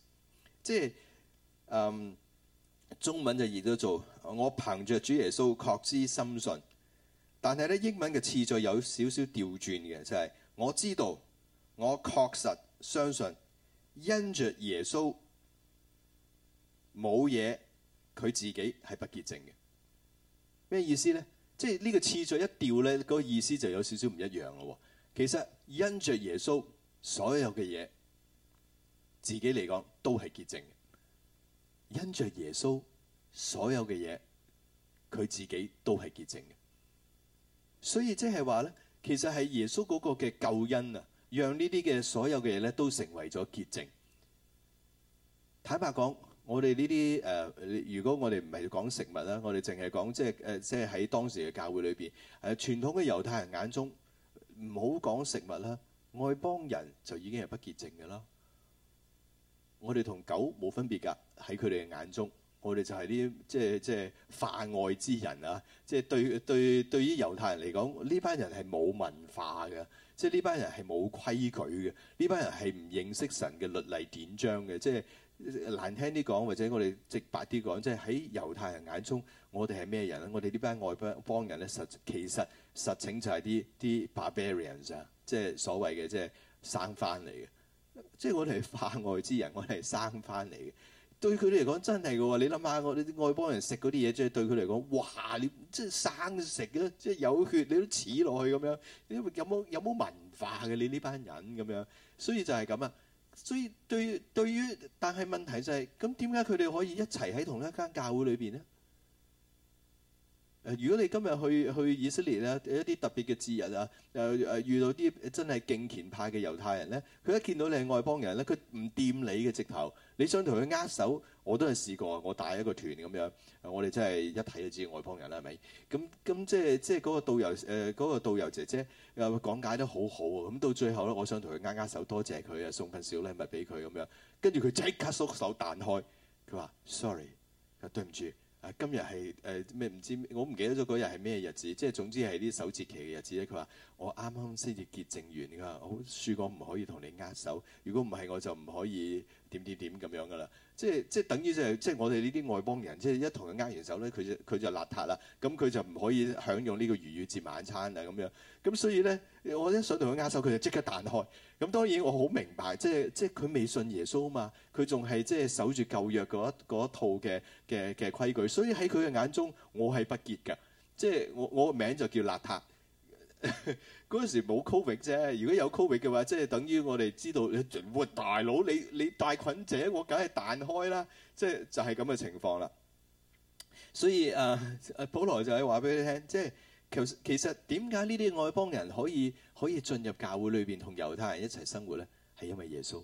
即係，嗯，中文就譯咗做我憑着主耶穌確知深信，但係咧英文嘅次序有少少調轉嘅，就係、是、我知道我確實相信，因着耶穌冇嘢，佢自己係不潔淨嘅。咩意思咧？即係呢個次序一調咧，嗰、那個、意思就有少少唔一樣咯。其實因着耶穌所有嘅嘢。自己嚟講都係潔淨嘅，因着耶穌所有嘅嘢，佢自己都係潔淨嘅。所以即係話咧，其實係耶穌嗰個嘅救恩啊，讓呢啲嘅所有嘅嘢咧都成為咗潔淨。坦白講，我哋呢啲誒，如果我哋唔係講食物啦，我哋淨係講即係誒，即係喺當時嘅教會裏邊誒，傳統嘅猶太人眼中唔好講食物啦，外邦人就已經係不潔淨嘅啦。我哋同狗冇分別㗎，喺佢哋嘅眼中，我哋就係啲即係即係化外之人啊！即係對對對於猶太人嚟講，呢班人係冇文化嘅，即係呢班人係冇規矩嘅，呢班人係唔認識神嘅律例典章嘅。即係難聽啲講，或者我哋直白啲講，即係喺猶太人眼中，我哋係咩人咧，啊？我哋呢班外邦幫人咧，實其實實情就係啲啲 barbarians 啊，即係所謂嘅即係生番嚟嘅。即係我哋係化外之人，我哋係生翻嚟嘅。對佢哋嚟講真係嘅喎，你諗下我哋啲外邦人食嗰啲嘢，即係對佢嚟講，哇！你即係生食嘅，即係有血你都似落去咁樣。你有冇有冇文化嘅？你呢班人咁樣，所以就係咁啊。所以對對於，但係問題就係，咁點解佢哋可以一齊喺同一間教會裏邊咧？誒，如果你今日去去以色列咧，一啲特別嘅節日啊，誒、呃、誒、呃，遇到啲真係敬虔派嘅猶太人咧，佢一見到你係外邦人咧，佢唔掂你嘅，直頭，你想同佢握手，我都係試過，我帶一個團咁樣，我哋真係一睇就知外邦人啦，係咪？咁咁即係即係嗰、嗰個導遊誒，嗰、呃嗰個導遊姐姐又講解得好好，咁到最後咧，我想同佢握握手，多謝佢啊，送份小禮物俾佢咁樣，跟住佢即刻縮手彈開，佢話：Sorry，對唔住。啊，今日係誒咩？唔，呃，唔知我唔記得咗嗰日係咩日子，即係總之係啲首節期嘅日子咧。佢話。我啱啱先至潔淨完㗎，好，恕我唔可以同你握手。如果唔係，我就唔可以點點點咁樣㗎啦。即係即係等於就係、是、即係我哋呢啲外邦人，即係一同佢握手咧，佢就佢就邋遢啦。咁佢就唔可以享用呢個逾越節晚餐啊咁樣。咁所以咧，我一想同佢握手，佢就即刻彈開。咁當然我好明白，即係即係佢未信耶穌啊嘛，佢仲係即係守住舊約嗰一一套嘅嘅嘅規矩，所以喺佢嘅眼中，我係不潔㗎。即係我我個名就叫邋遢。嗰陣 時冇 covid 啫，如果有 covid 嘅話，即係等於我哋知道，哇，大佬，你你帶菌者，我梗係彈開啦，即係就係咁嘅情況啦。所以啊，保羅就係話俾你聽，即係其實其實點解呢啲外邦人可以可以進入教會裏邊同猶太人一齊生活咧？係因為耶穌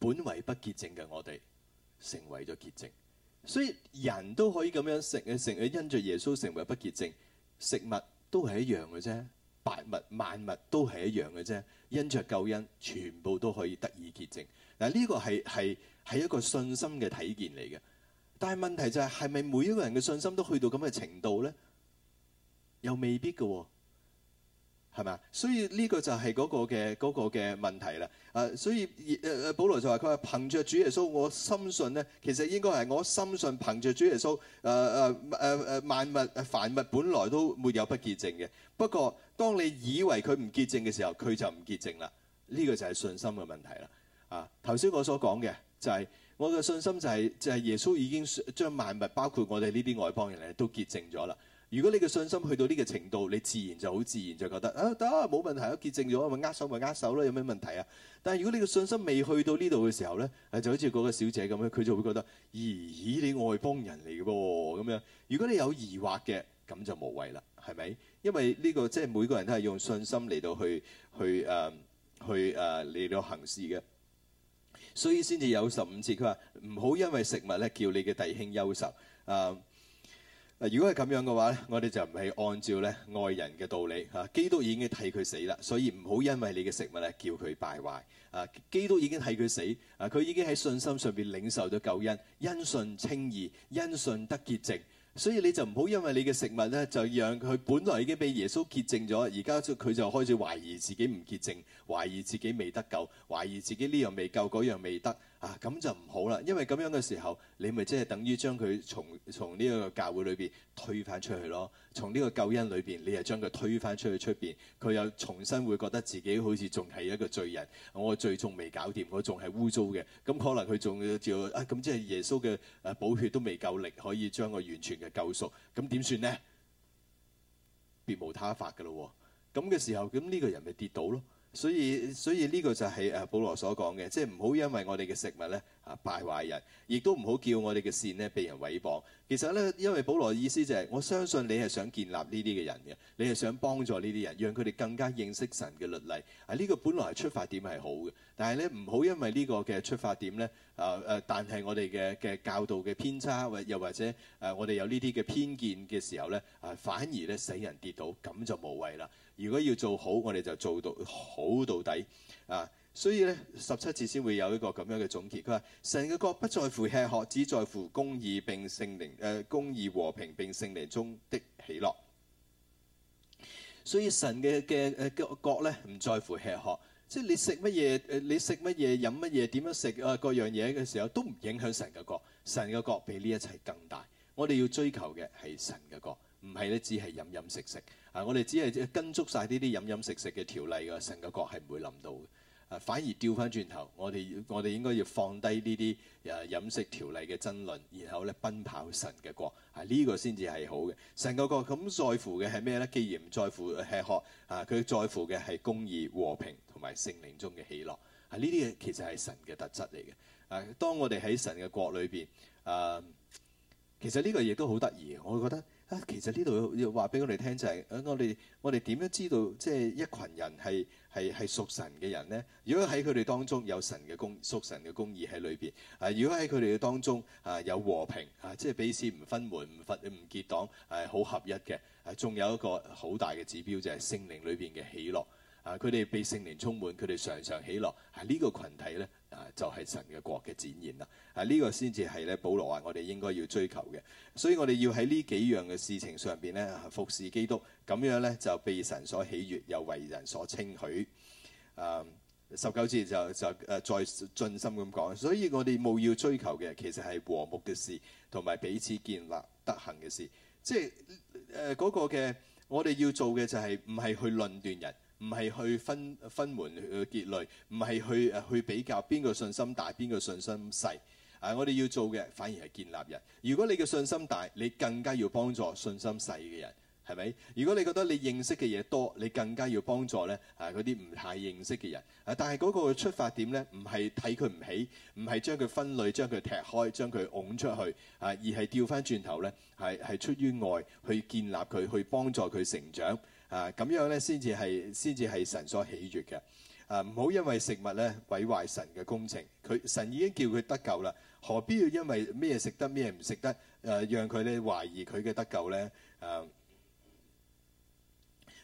本為不潔淨嘅，我哋成為咗潔淨，所以人都可以咁樣成成日因着耶穌成為不潔淨，食物都係一樣嘅啫。百物萬物都係一樣嘅啫，因着救恩，全部都可以得以潔淨。嗱、啊，呢、這個係係係一個信心嘅體現嚟嘅。但係問題就係係咪每一個人嘅信心都去到咁嘅程度咧？又未必嘅喎、哦，係咪啊？所以呢個就係嗰個嘅嗰個嘅問題啦。啊，所以誒誒、啊，保羅就話佢話憑着主耶穌，我深信咧。其實應該係我深信憑着主耶穌，誒誒誒誒，萬物凡物本來都沒有不潔淨嘅，不過。當你以為佢唔潔淨嘅時候，佢就唔潔淨啦。呢、這個就係信心嘅問題啦。啊，頭先我所講嘅就係、是、我嘅信心就係、是、就係、是、耶穌已經將萬物包括我哋呢啲外邦人嚟都潔淨咗啦。如果你嘅信心去到呢個程度，你自然就好自然就覺得啊得冇問題，都潔淨咗，咪、嗯、握手咪、嗯、握手啦、嗯嗯，有咩問題啊？但係如果你嘅信心未去到呢度嘅時候咧、啊，就好似嗰個小姐咁樣，佢就會覺得咦、哎、你外邦人嚟嘅噃咁樣。如果你有疑惑嘅，咁就無謂啦。係咪？因為呢、這個即係每個人都係用信心嚟到去去誒、啊、去誒嚟、啊、到行事嘅，所以先至有十五節佢話唔好因為食物咧叫你嘅弟兄憂愁誒。如果係咁樣嘅話咧，我哋就唔係按照咧愛人嘅道理嚇。基督已經替佢死啦，所以唔好因為你嘅食物咧叫佢敗壞啊！基督已經替佢死啊！佢已經喺、啊、信心上邊領受咗救恩，因信稱義，因信得潔淨。所以你就唔好因為你嘅食物咧，就讓佢本來已經被耶穌潔淨咗，而家佢就開始懷疑自己唔潔淨。懷疑自己未得救，懷疑自己呢樣未夠，嗰樣未得啊！咁就唔好啦，因為咁樣嘅時候，你咪即係等於將佢從從呢個教會裏邊推翻出去咯。從呢個救恩裏邊，你係將佢推翻出去出邊，佢又重新會覺得自己好似仲係一個罪人，我罪仲未搞掂，我仲係污糟嘅。咁可能佢仲要啊？咁即係耶穌嘅誒補血都未夠力，可以將佢完全嘅救贖。咁點算呢？別無他法㗎咯喎！咁嘅時候，咁呢個人咪跌倒咯。所以所以呢個就係、是、誒、啊、保羅所講嘅，即係唔好因為我哋嘅食物咧啊敗壞人，亦都唔好叫我哋嘅善呢，被人毀謗。其實咧，因為保羅嘅意思就係、是，我相信你係想建立呢啲嘅人嘅，你係想幫助呢啲人，讓佢哋更加認識神嘅律例。啊，呢、這個本來出發點係好嘅，但係咧唔好因為呢個嘅出發點咧啊誒，但係我哋嘅嘅教導嘅偏差，或又或者誒、啊、我哋有呢啲嘅偏見嘅時候咧啊，反而咧使人跌倒，咁就無謂啦。如果要做好，我哋就做到好到底啊！所以咧，十七節先會有一個咁樣嘅總結。佢話：神嘅國不在乎吃喝，只在乎公義並聖靈誒公義和平並聖靈中的喜樂。所以神嘅嘅嘅個國咧，唔在乎吃喝，即係你食乜嘢誒？你食乜嘢、飲乜嘢、點樣食啊？各樣嘢嘅時候都唔影響神嘅國。神嘅國比呢一切更大。我哋要追求嘅係神嘅國。唔係咧，只係飲飲食食啊！我哋只係跟足晒呢啲飲飲食食嘅條例嘅，神嘅國係唔會諗到嘅。啊，反而調翻轉頭，我哋我哋應該要放低呢啲飲食條例嘅爭論，然後咧奔跑神嘅國啊，呢、這個先至係好嘅。神嘅國咁在乎嘅係咩呢？既然唔在乎吃喝啊，佢在乎嘅係公義、和平同埋聖靈中嘅喜樂啊。呢啲嘢其實係神嘅特質嚟嘅。誒、啊，當我哋喺神嘅國裏邊誒、啊，其實呢個嘢都好得意，我覺得。啊，其實呢度要話俾我哋聽就係，誒，我哋我哋點樣知道即係、就是、一群人係係係屬神嘅人呢？如果喺佢哋當中有神嘅公、屬神嘅公義喺裏邊，啊，如果喺佢哋嘅當中啊有和平啊，即、就、係、是、彼此唔分門、唔分唔結黨，係、啊、好合一嘅。啊，仲有一個好大嘅指標就係、是、聖靈裏邊嘅喜樂。啊，佢哋被聖靈充滿，佢哋常常喜樂。啊，呢、這個群體咧。啊，就係神嘅國嘅展現啦！啊，呢個先至係咧，保羅話我哋應該要追求嘅，所以我哋要喺呢幾樣嘅事情上邊咧服事基督，咁樣咧就被神所喜悅，又為人所稱許。誒，十九節就就誒再盡心咁講，所以我哋務要追求嘅其實係和睦嘅事，同埋彼此建立德行嘅事，即係誒嗰個嘅我哋要做嘅就係唔係去論斷人。唔係去分分門結類，唔係去去比較邊個信心大，邊個信心細。啊，我哋要做嘅反而係建立人。如果你嘅信心大，你更加要幫助信心細嘅人，係咪？如果你覺得你認識嘅嘢多，你更加要幫助咧啊嗰啲唔太認識嘅人。啊，但係嗰個出發點咧，唔係睇佢唔起，唔係將佢分類、將佢踢開、將佢拱出去啊，而係調翻轉頭咧，係係出於愛去建立佢，去幫助佢成長。啊，咁樣咧先至係，先至係神所喜悅嘅。啊，唔好因為食物咧毀壞神嘅工程。佢神已經叫佢得救啦，何必要因為咩食得咩唔食得？誒、啊，讓佢咧懷疑佢嘅得救咧？誒、啊，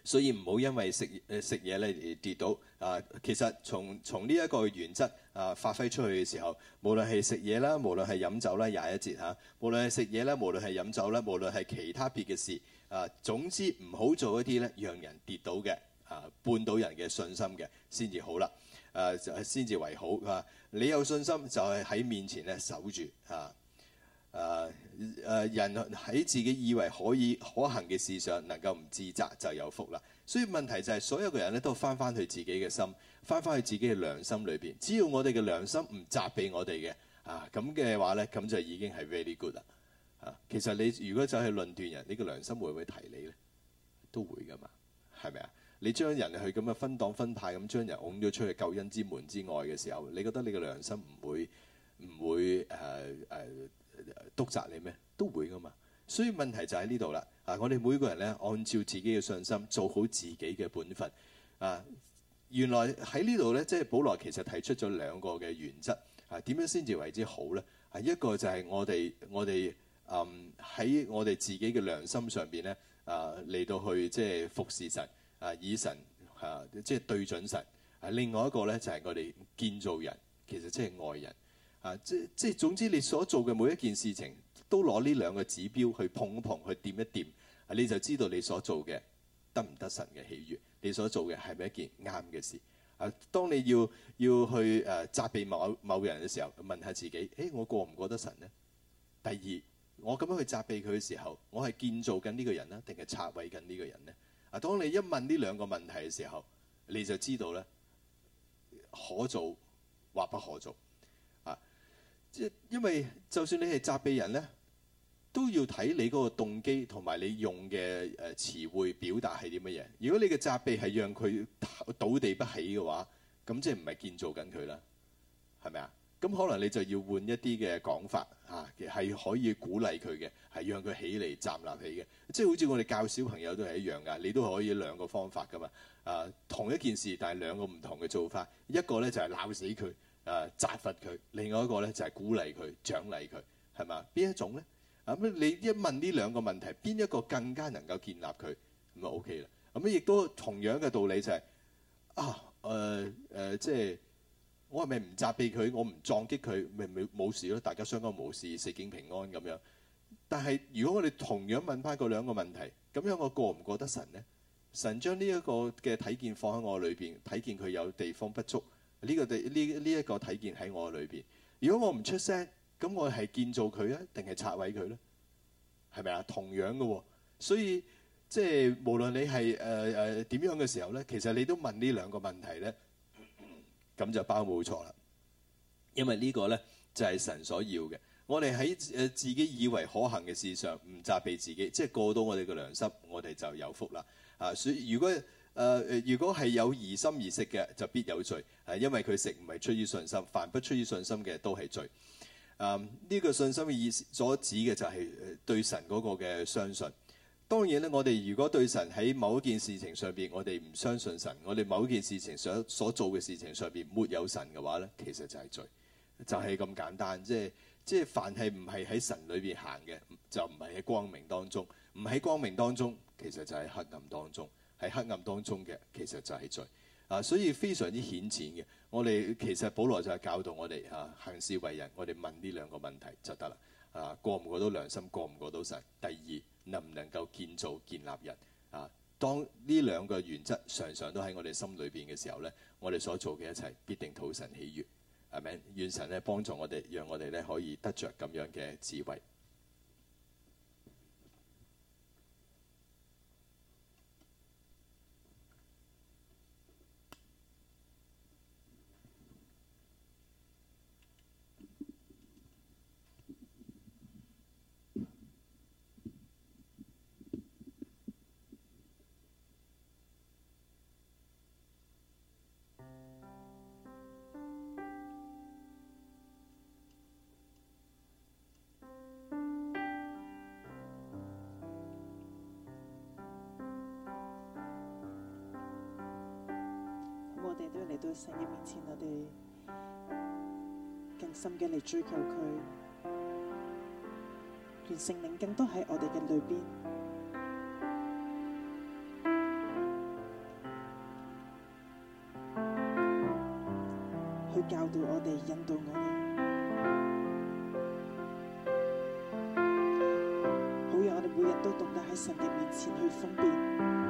所以唔好因為食誒食嘢咧而跌倒。啊，其實從從呢一個原則啊發揮出去嘅時候，無論係食嘢啦，無論係飲酒啦，廿一節嚇、啊。無論係食嘢啦，無論係飲酒啦，無論係其他別嘅事。啊，總之唔好做一啲咧，讓人跌倒嘅啊，絆倒人嘅信心嘅，先至好啦。誒、啊，就先至為好啊！你有信心就係喺面前咧守住啊。誒、啊、誒，人喺自己以為可以可行嘅事上，能夠唔自責就有福啦。所以問題就係，所有嘅人咧都返返去自己嘅心，返返去自己嘅良心裏邊。只要我哋嘅良心唔責備我哋嘅啊，咁嘅話咧，咁就已經係 very good 啦。啊，其實你如果就係論斷人，你個良心會唔會提你呢？都會噶嘛，係咪啊？你將人去咁嘅分黨分派，咁將人拱咗出去救恩之門之外嘅時候，你覺得你嘅良心唔會唔會誒誒、啊啊、督責你咩？都會噶嘛。所以問題就喺呢度啦。啊，我哋每個人咧，按照自己嘅信心做好自己嘅本分。啊，原來喺呢度呢，即係保羅其實提出咗兩個嘅原則。啊，點樣先至為之好呢？啊，一個就係我哋我哋。嗯、喺、um, 我哋自己嘅良心上邊咧，啊嚟到去即係服侍神啊，以神啊即係對準神、啊。另外一個咧就係、是、我哋建造人，其實即係愛人啊。即即係總之，你所做嘅每一件事情都攞呢兩個指標去碰一碰，去掂一掂，你就知道你所做嘅得唔得神嘅喜悅。你所做嘅係咪一件啱嘅事啊？當你要要去誒、啊、責備某某人嘅時候，問下自己，「誒我過唔過得神呢？」第二。我咁樣去責備佢嘅時候，我係建造緊呢個人咧，定係拆毀緊呢個人咧？啊，當你一問呢兩個問題嘅時候，你就知道咧，可做或不可做啊！即因為就算你係責備人咧，都要睇你嗰個動機同埋你用嘅誒詞彙表達係啲乜嘢。如果你嘅責備係讓佢倒地不起嘅話，咁即係唔係建造緊佢啦？係咪啊？咁可能你就要換一啲嘅講法嚇，係、啊、可以鼓勵佢嘅，係讓佢起嚟站立起嘅。即係好似我哋教小朋友都係一樣噶，你都可以兩個方法噶嘛。啊，同一件事，但係兩個唔同嘅做法。一個咧就係、是、鬧死佢，啊，責罰佢；另外一個咧就係、是、鼓勵佢、獎勵佢，係嘛？邊一種咧？啊，咁你一問呢兩個問題，邊一個更加能夠建立佢咁、OK、啊？OK 啦。咁亦都同樣嘅道理就係、是、啊，誒、呃、誒、呃，即係。我係咪唔責備佢？我唔撞擊佢，咪冇事咯，大家相安冇事，四境平安咁樣。但係如果我哋同樣問翻嗰兩個問題，咁樣我過唔過得神呢？神將呢一個嘅睇見放喺我裏邊，睇見佢有地方不足，呢個地呢呢一個睇見喺我裏邊。如果我唔出聲，咁我係建造佢啊，定係拆毀佢呢？係咪啊？同樣嘅喎，所以即係無論你係誒誒點樣嘅時候咧，其實你都問呢兩個問題咧。咁就包冇錯啦，因為呢個呢，就係神所要嘅。我哋喺誒自己以為可行嘅事上唔責備自己，即係過到我哋嘅良心，我哋就有福啦。啊，所以如果誒、呃、如果係有疑心而食嘅，就必有罪。係、啊、因為佢食唔係出於信心，凡不出於信心嘅都係罪。啊，呢、呢個信心嘅意思所指嘅就係對神嗰個嘅相信。當然咧，我哋如果對神喺某一件事情上邊，我哋唔相信神，我哋某一件事情上所，所做嘅事情上邊沒有神嘅話咧，其實就係罪，就係咁簡單。即係即係，凡係唔係喺神裏邊行嘅，就唔係喺光明當中；唔喺光明當中，其實就係黑暗當中。喺黑暗當中嘅，其實就係罪啊。所以非常之顯淺嘅，我哋其實保羅就係教導我哋啊，行事為人，我哋問呢兩個問題就得啦。啊，過唔過到良心，過唔過到神？第二。能唔能夠建造建立人啊？當呢兩個原則常常都喺我哋心裏邊嘅時候咧，我哋所做嘅一切必定討神喜悅，係咪？願神咧幫助我哋，讓我哋咧可以得着咁樣嘅智慧。在神嘅面前，我哋更深嘅嚟追求佢，願聖靈更多喺我哋嘅裏邊，去 教導我哋、引導我哋， 好讓我哋每日都懂得喺神嘅面前去分辨。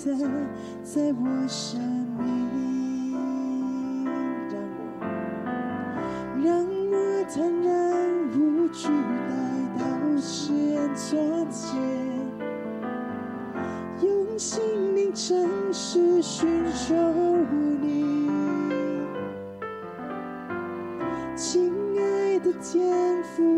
在在我生命，讓我讓我坦然無懼，來到施恩座前，用心靈誠實尋找你，親愛的天父。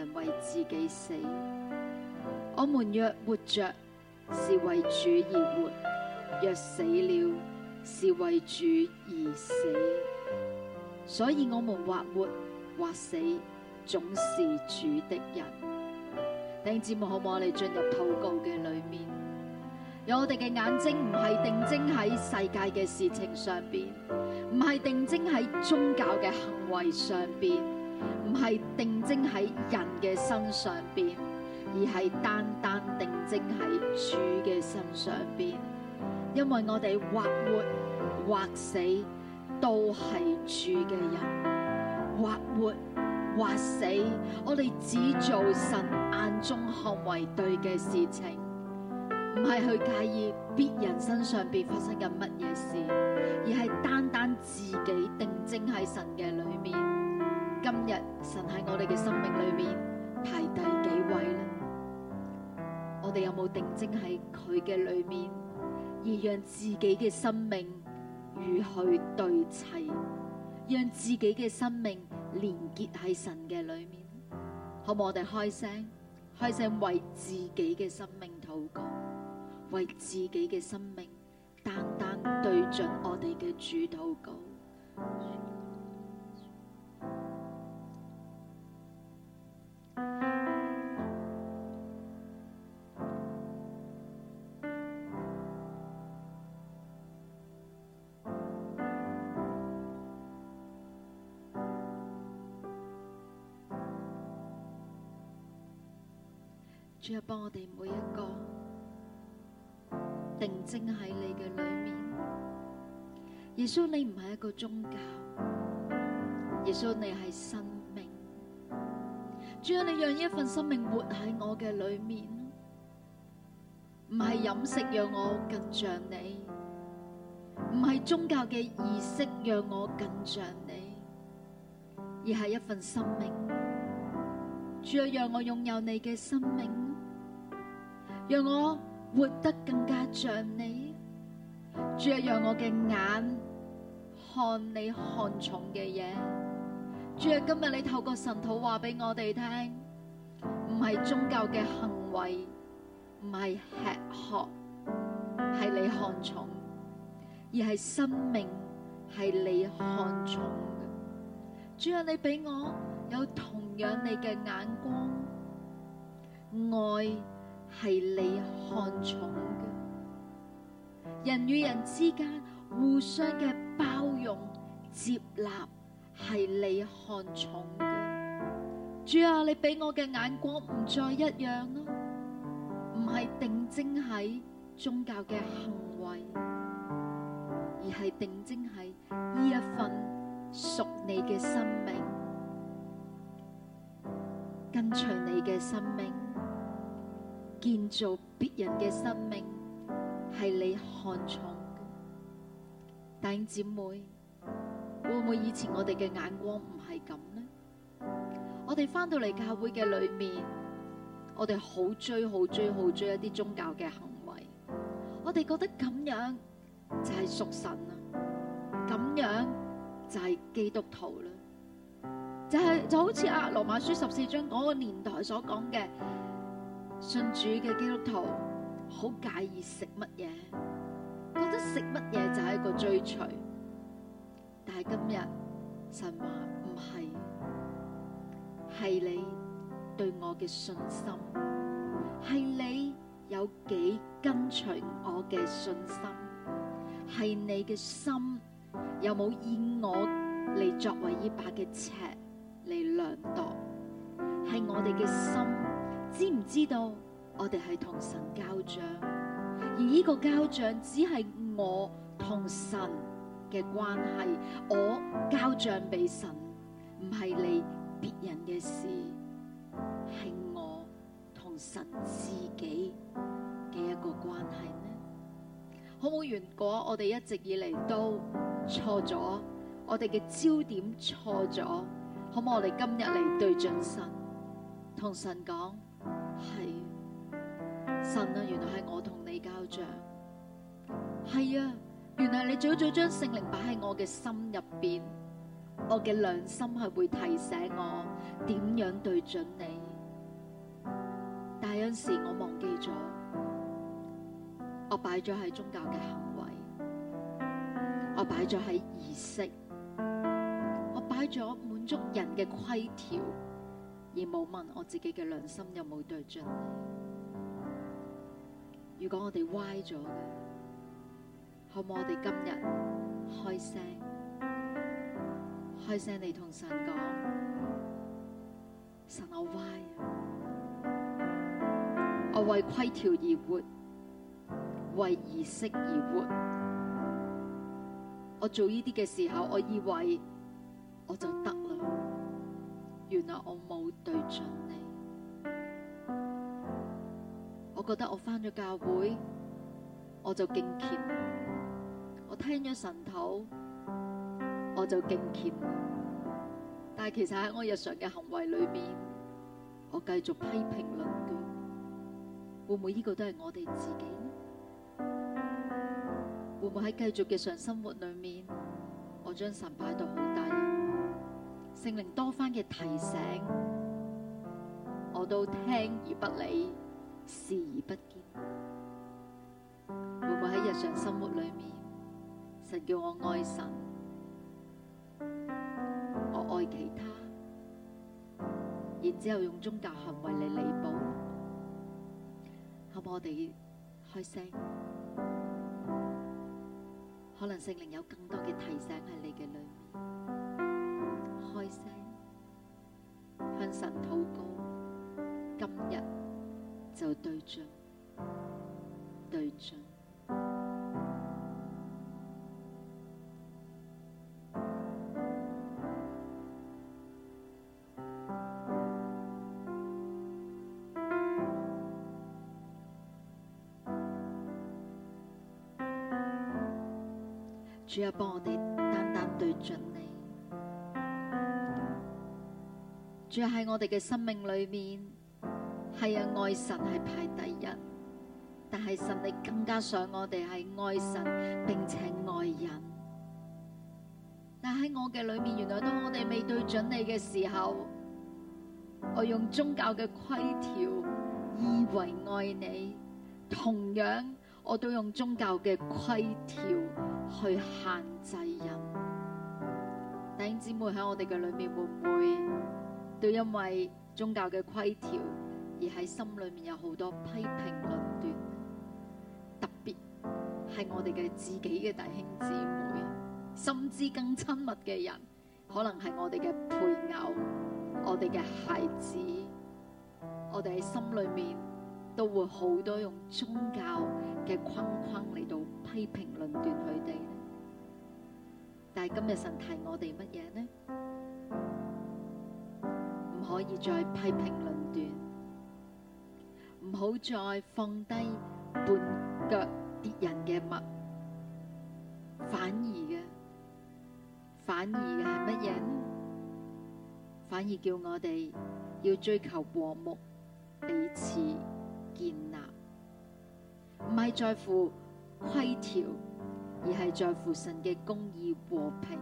人為自己死，我們若活着是為主而活，若死了是為主而死。所以我活，我們或活或死，總是主的人。聽節目好唔好？我哋進入禱告嘅裏面，有我哋嘅眼睛唔係定睛喺世界嘅事情上邊，唔係定睛喺宗教嘅行為上邊。唔係定睛喺人嘅身上邊，而係單單定睛喺主嘅身上邊。因為我哋或活或死都係主嘅人，或活或死，我哋只做神眼中看為對嘅事情，唔係去介意別人身上邊發生緊乜嘢事，而係單單自己定睛喺神嘅裏面。今日神喺我哋嘅生命裏面排第幾位呢？我哋有冇定睛喺佢嘅裏面，而讓自己嘅生命與佢對齊，讓自己嘅生命連結喺神嘅裏面？可唔好冇？我哋開聲，開聲為自己嘅生命禱告，為自己嘅生命單單對準我哋嘅主道。主啊，幫我哋每一個定睛喺你嘅裏面。耶穌，你唔係一個宗教，耶穌你係生命。主啊，你讓呢一份生命活喺我嘅裏面，唔係飲食讓我更像你，唔係宗教嘅儀式讓我更像你，而係一份生命。主啊，讓我擁有你嘅生命。讓我活得更加像你，主啊，讓我嘅眼看你看重嘅嘢。主啊，今日你透過神土話俾我哋聽，唔係宗教嘅行為，唔係吃喝，係你看重，而係生命係你看重嘅。主啊，你俾我有同樣你嘅眼光，愛。係你看重嘅人與人之間互相嘅包容接納，係你看重嘅。主啊，你俾我嘅眼光唔再一樣咯，唔係定睛喺宗教嘅行為，而係定睛喺呢一份屬你嘅生命，跟隨你嘅生命。建造別人嘅生命係你看重嘅，但姐妹，會唔會以前我哋嘅眼光唔係咁呢？我哋翻到嚟教會嘅裏面，我哋好追好追好追，追一啲宗教嘅行為，我哋覺得咁樣就係屬神啦，咁樣就係基督徒啦，就係、是、就好似阿羅馬書十四章嗰個年代所講嘅。信主嘅基督徒好介意食乜嘢，覺得食乜嘢就係一個追隨。但係今日神話唔係，係你對我嘅信心，係你有幾跟隨我嘅信心，係你嘅心有冇以我嚟作為依把嘅尺嚟量度，係我哋嘅心。知唔知道我哋係同神交賬，而呢個交賬只係我同神嘅關係，我交賬俾神，唔係你別人嘅事，係我同神自己嘅一個關係呢？好冇？如果我哋一直以嚟都錯咗，我哋嘅焦點錯咗，好冇？我哋今日嚟對準神，同神講。係神啊，原來係我同你交賬。係啊，原來你早早就將聖靈擺喺我嘅心入邊，我嘅良心係會提醒我點樣對準你。但係有陣時我忘記咗，我擺咗喺宗教嘅行為，我擺咗喺儀式，我擺咗滿足人嘅規條。而冇問我自己嘅良心有冇對準？如果我哋歪咗嘅，可唔可以我哋今日開聲？開聲你同神講：神，我歪，我為規條而活，為儀式而活。我做呢啲嘅時候，我以為我就得啦。原來我冇對準你，我覺得我翻咗教會我就敬虔，我聽咗神道我就敬虔，但係其實喺我日常嘅行為裏面，我繼續批評論斷，會唔會呢個都係我哋自己呢？會唔會喺繼續嘅日常生活裏面，我將神擺到好大？聖靈多番嘅提醒，我都聽而不理，視而不見。會唔會喺日常生活裏面，神叫我愛神，我愛其他，然之後用宗教行為嚟彌補？可唔可以開聲？可能聖靈有更多嘅提醒喺你嘅裏面。向神禱告，今日就對準，對準。主啊，幫我哋單單對準你。住喺我哋嘅生命裏面，係啊，愛神係排第一，但係神你更加想我哋係愛神，並且愛人。但喺我嘅裏面，原來當我哋未對準你嘅時候，我用宗教嘅規條以為愛你，同樣我都用宗教嘅規條去限制人。弟兄姊妹，喺我哋嘅裏面會唔會？都因為宗教嘅規條而喺心裏面有好多批評論斷，特別係我哋嘅自己嘅弟兄姊妹，甚至更親密嘅人，可能係我哋嘅配偶、我哋嘅孩子，我哋喺心裏面都會好多用宗教嘅框框嚟到批評論斷佢哋。但係今日神提我哋乜嘢呢？可以再批評論斷，唔好再放低絆腳跌人嘅物。反而嘅，反而嘅係乜嘢呢？反而叫我哋要追求和睦彼此建立，唔係在乎規條，而係在乎神嘅公義和平，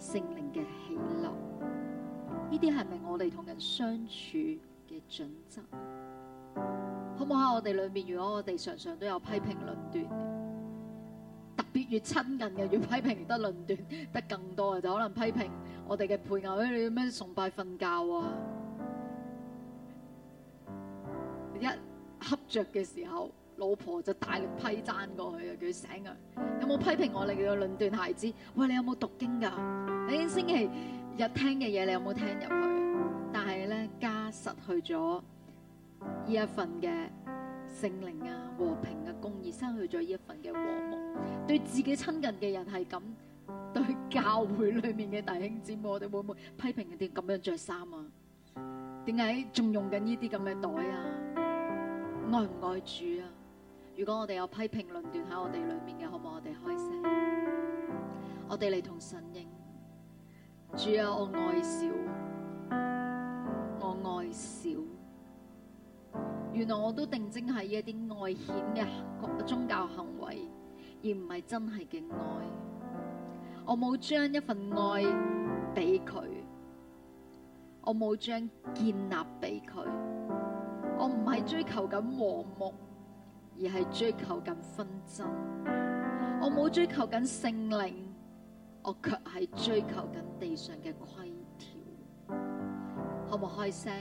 聖靈嘅喜樂。呢啲係咪我哋同人相處嘅準則？好唔好啊？我哋裏面，如果我哋常常都有批評、論斷，特別越親近嘅越批評，越得論斷得更多嘅，就可能批評我哋嘅配偶，你咁樣崇拜瞓覺啊！一瞌着嘅時候，老婆就大力批爭過去啊！叫佢醒啊，有冇批評我哋嘅，佢論斷孩子，喂，你有冇讀經㗎？你星期？入聽嘅嘢，你有冇聽入去？但係咧，家失去咗呢一份嘅聖靈啊、和平啊、公義，失去咗呢一份嘅和睦。對自己親近嘅人係咁，對教會裏面嘅弟兄姊妹，我哋會唔會批評佢哋咁樣著衫啊？點解仲用緊呢啲咁嘅袋啊？愛唔愛主啊？如果我哋有批評論斷喺我哋裏面嘅，可唔可以我哋開聲？我哋嚟同神認。主啊，我愛少，我愛少。原來我都定睛喺一啲外顯嘅宗教行為，而唔係真係嘅愛。我冇將一份愛俾佢，我冇將建立俾佢。我唔係追求緊和睦，而係追求緊紛爭。我冇追求緊聖靈。我卻係追求緊地上嘅規條，可唔可以開聲？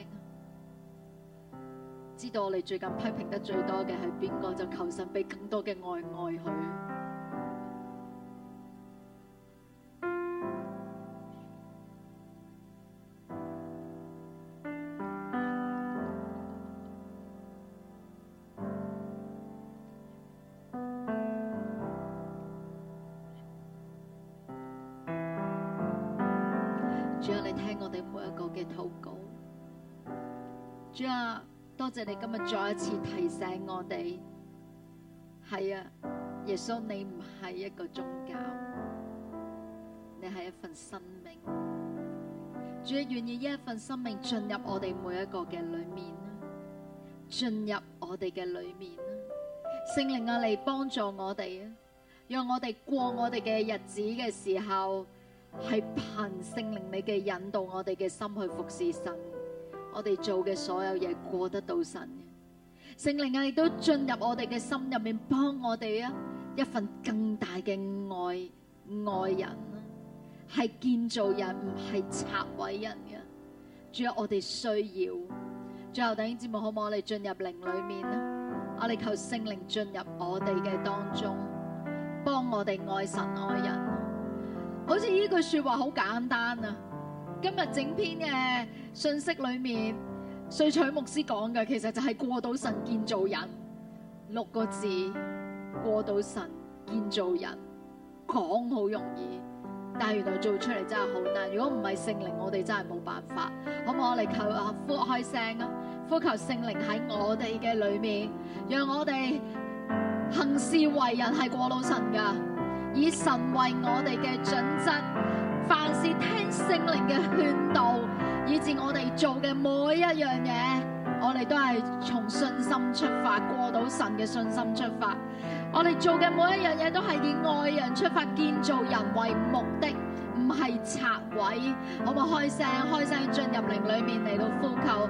知道我哋最近批評得最多嘅係邊個，就求神俾更多嘅愛愛佢。多謝你今日再一次提醒我哋。係啊，耶穌你唔係一個宗教，你係一份生命。主要願意呢一份生命進入我哋每一個嘅裏面啦，進入我哋嘅裏面啦，聖靈啊嚟幫助我哋啊，讓我哋過我哋嘅日子嘅時候係憑聖靈你嘅引導，我哋嘅心去服侍神。我哋做嘅所有嘢過得到神嘅，聖靈啊亦都進入我哋嘅心入面，幫我哋啊一份更大嘅愛愛人啦，係建造人唔係拆毀人嘅。仲有我哋需要最後頂呢節目好唔好？我哋進入靈裏面啦，我哋求聖靈進入我哋嘅當中，幫我哋愛神愛人。好似呢句說話好簡單啊！今日整篇嘅信息裏面，瑞取牧師講嘅其實就係過到神建造人六個字，過到神建造人講好容易，但係原來做出嚟真係好難。如果唔係聖靈，我哋真係冇辦法。好唔好我哋求啊，呼開聲啊，呼，呼求聖靈喺我哋嘅裏面，讓我哋行事為人係過到神噶，以神為我哋嘅準則。凡事聽聖靈嘅勸導，以至我哋做嘅每一樣嘢，我哋都係從信心出發，過到神嘅信心出發。我哋做嘅每一樣嘢都係以愛人出發，建造人為目的，唔係拆毀，好唔好開聲？開聲進入靈裏面嚟到呼求。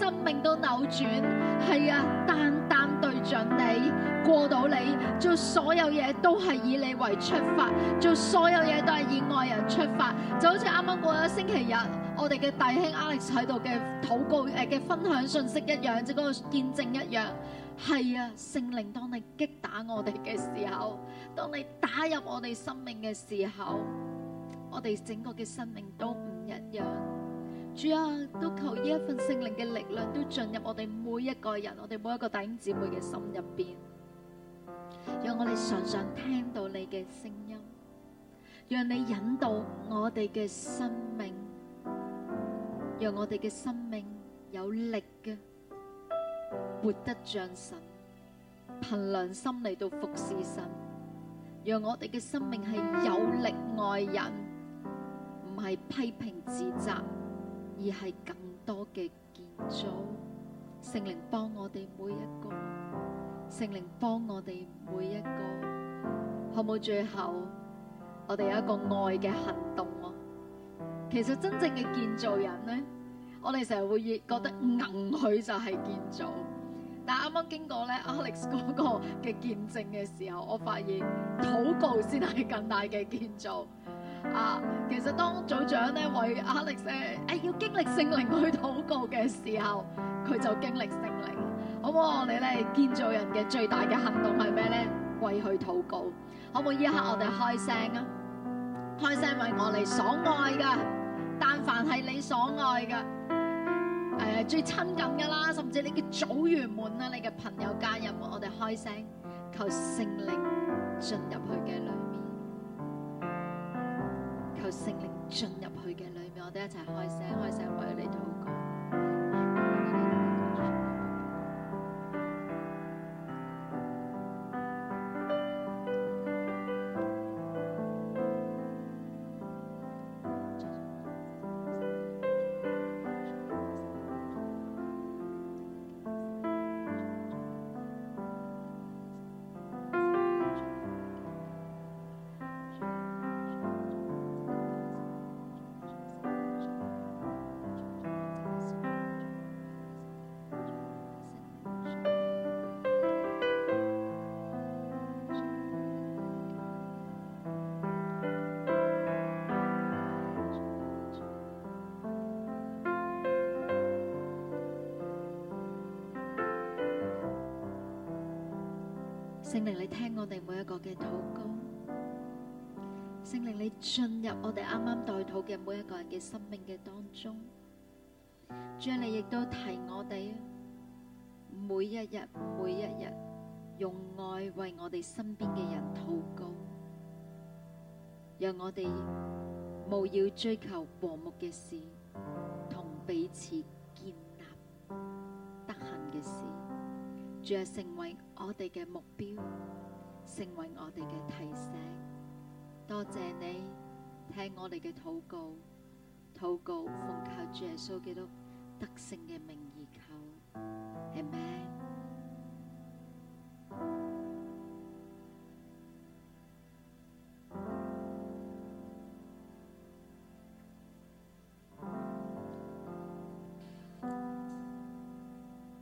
生命都扭轉，係啊，單單對著你過到你，做所有嘢都係以你為出發，做所有嘢都係以外人出發，就好似啱啱過咗星期日，我哋嘅弟兄 Alex 喺度嘅禱告誒嘅、呃、分享信息一樣，即係嗰個見證一樣，係啊，聖靈當你擊打我哋嘅時候，當你打入我哋生命嘅時候，我哋整個嘅生命都唔一樣。主啊，都求呢一份聖靈嘅力量，都進入我哋每一個人，我哋每一個弟兄姊妹嘅心入邊，讓我哋常常聽到你嘅聲音，讓你引導我哋嘅生命，讓我哋嘅生命有力嘅活得像神，憑良心嚟到服侍神，讓我哋嘅生命係有力愛人，唔係批評自責。而係更多嘅建造，聖靈幫我哋每一個，聖靈幫我哋每一個，好冇？最後我哋有一個愛嘅行動，啊？其實真正嘅建造人咧，我哋成日會覺得硬佢就係建造，但係啱啱經過咧 Alex 嗰個嘅見證嘅時候，我發現禱告先係更大嘅建造。啊，其實當組長咧為阿力誒要經歷聖靈去禱告嘅時候，佢就經歷聖靈。好唔好？我哋咧建造人嘅最大嘅行動係咩咧？為佢禱告。好唔好？依一刻我哋開聲啊！開聲為我哋所愛嘅，但凡係你所愛嘅誒、呃、最親近嘅啦，甚至你嘅組員們啊，你嘅朋友家人冇我哋開聲求聖靈進入去嘅。聖靈進入去嘅裏面，我哋一齊開聲，開聲為你禱告。嘅禱告，聖靈你進入我哋啱啱代禱嘅每一個人嘅生命嘅當中，將你亦都提我哋每一日每一日用愛為我哋身邊嘅人禱告，讓我哋務要追求和睦嘅事，同彼此建立德行嘅事，仲係成為我哋嘅目標。成為我哋嘅提醒，多謝你聽我哋嘅禱告，禱告奉靠耶穌基督得勝嘅名而求，阿門。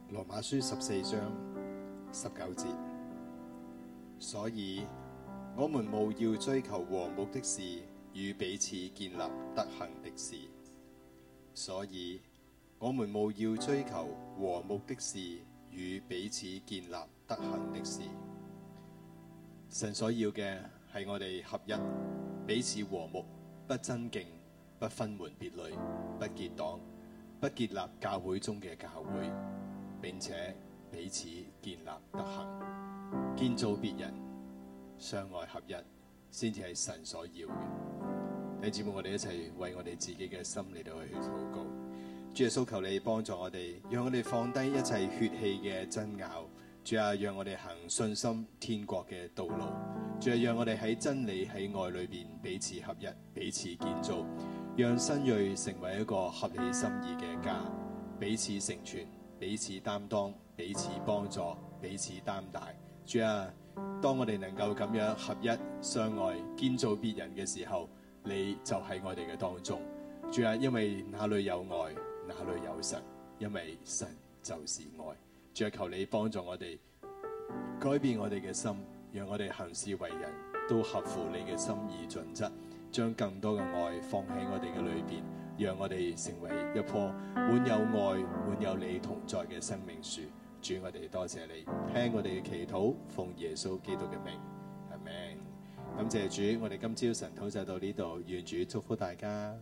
羅馬書十四章十九節。所以，我們務要追求和睦的事，與彼此建立德行的事。所以，我們務要追求和睦的事，與彼此建立德行的事。神所要嘅係我哋合一，彼此和睦，不爭競，不分門別類，不結黨，不結立教會中嘅教會，並且彼此建立德行。建造別人，相愛合一，先至係神所要嘅。弟兄姊妹，我哋一齊為我哋自己嘅心理都去禱告。主耶穌，求你幫助我哋，讓我哋放低一切血氣嘅爭拗。主啊，讓我哋行信心天國嘅道路。主啊，讓我哋喺真理喺愛裏邊彼此合一，彼此建造，讓新銳成為一個合其心意嘅家。彼此成全，彼此擔當，彼此幫助，彼此擔大。主啊，當我哋能夠咁樣合一相愛、建造別人嘅時候，你就喺我哋嘅當中。主啊，因為哪裏有愛，哪裏有神；因為神就是愛。主啊，求你幫助我哋改變我哋嘅心，讓我哋行事為人都合乎你嘅心意準則，將更多嘅愛放喺我哋嘅裏邊，讓我哋成為一棵滿有愛、滿有你同在嘅生命樹。主，我哋多謝你，聽我哋嘅祈禱，奉耶穌基督嘅名，阿門。感謝主，我哋今朝晨禱就到呢度，願主祝福大家。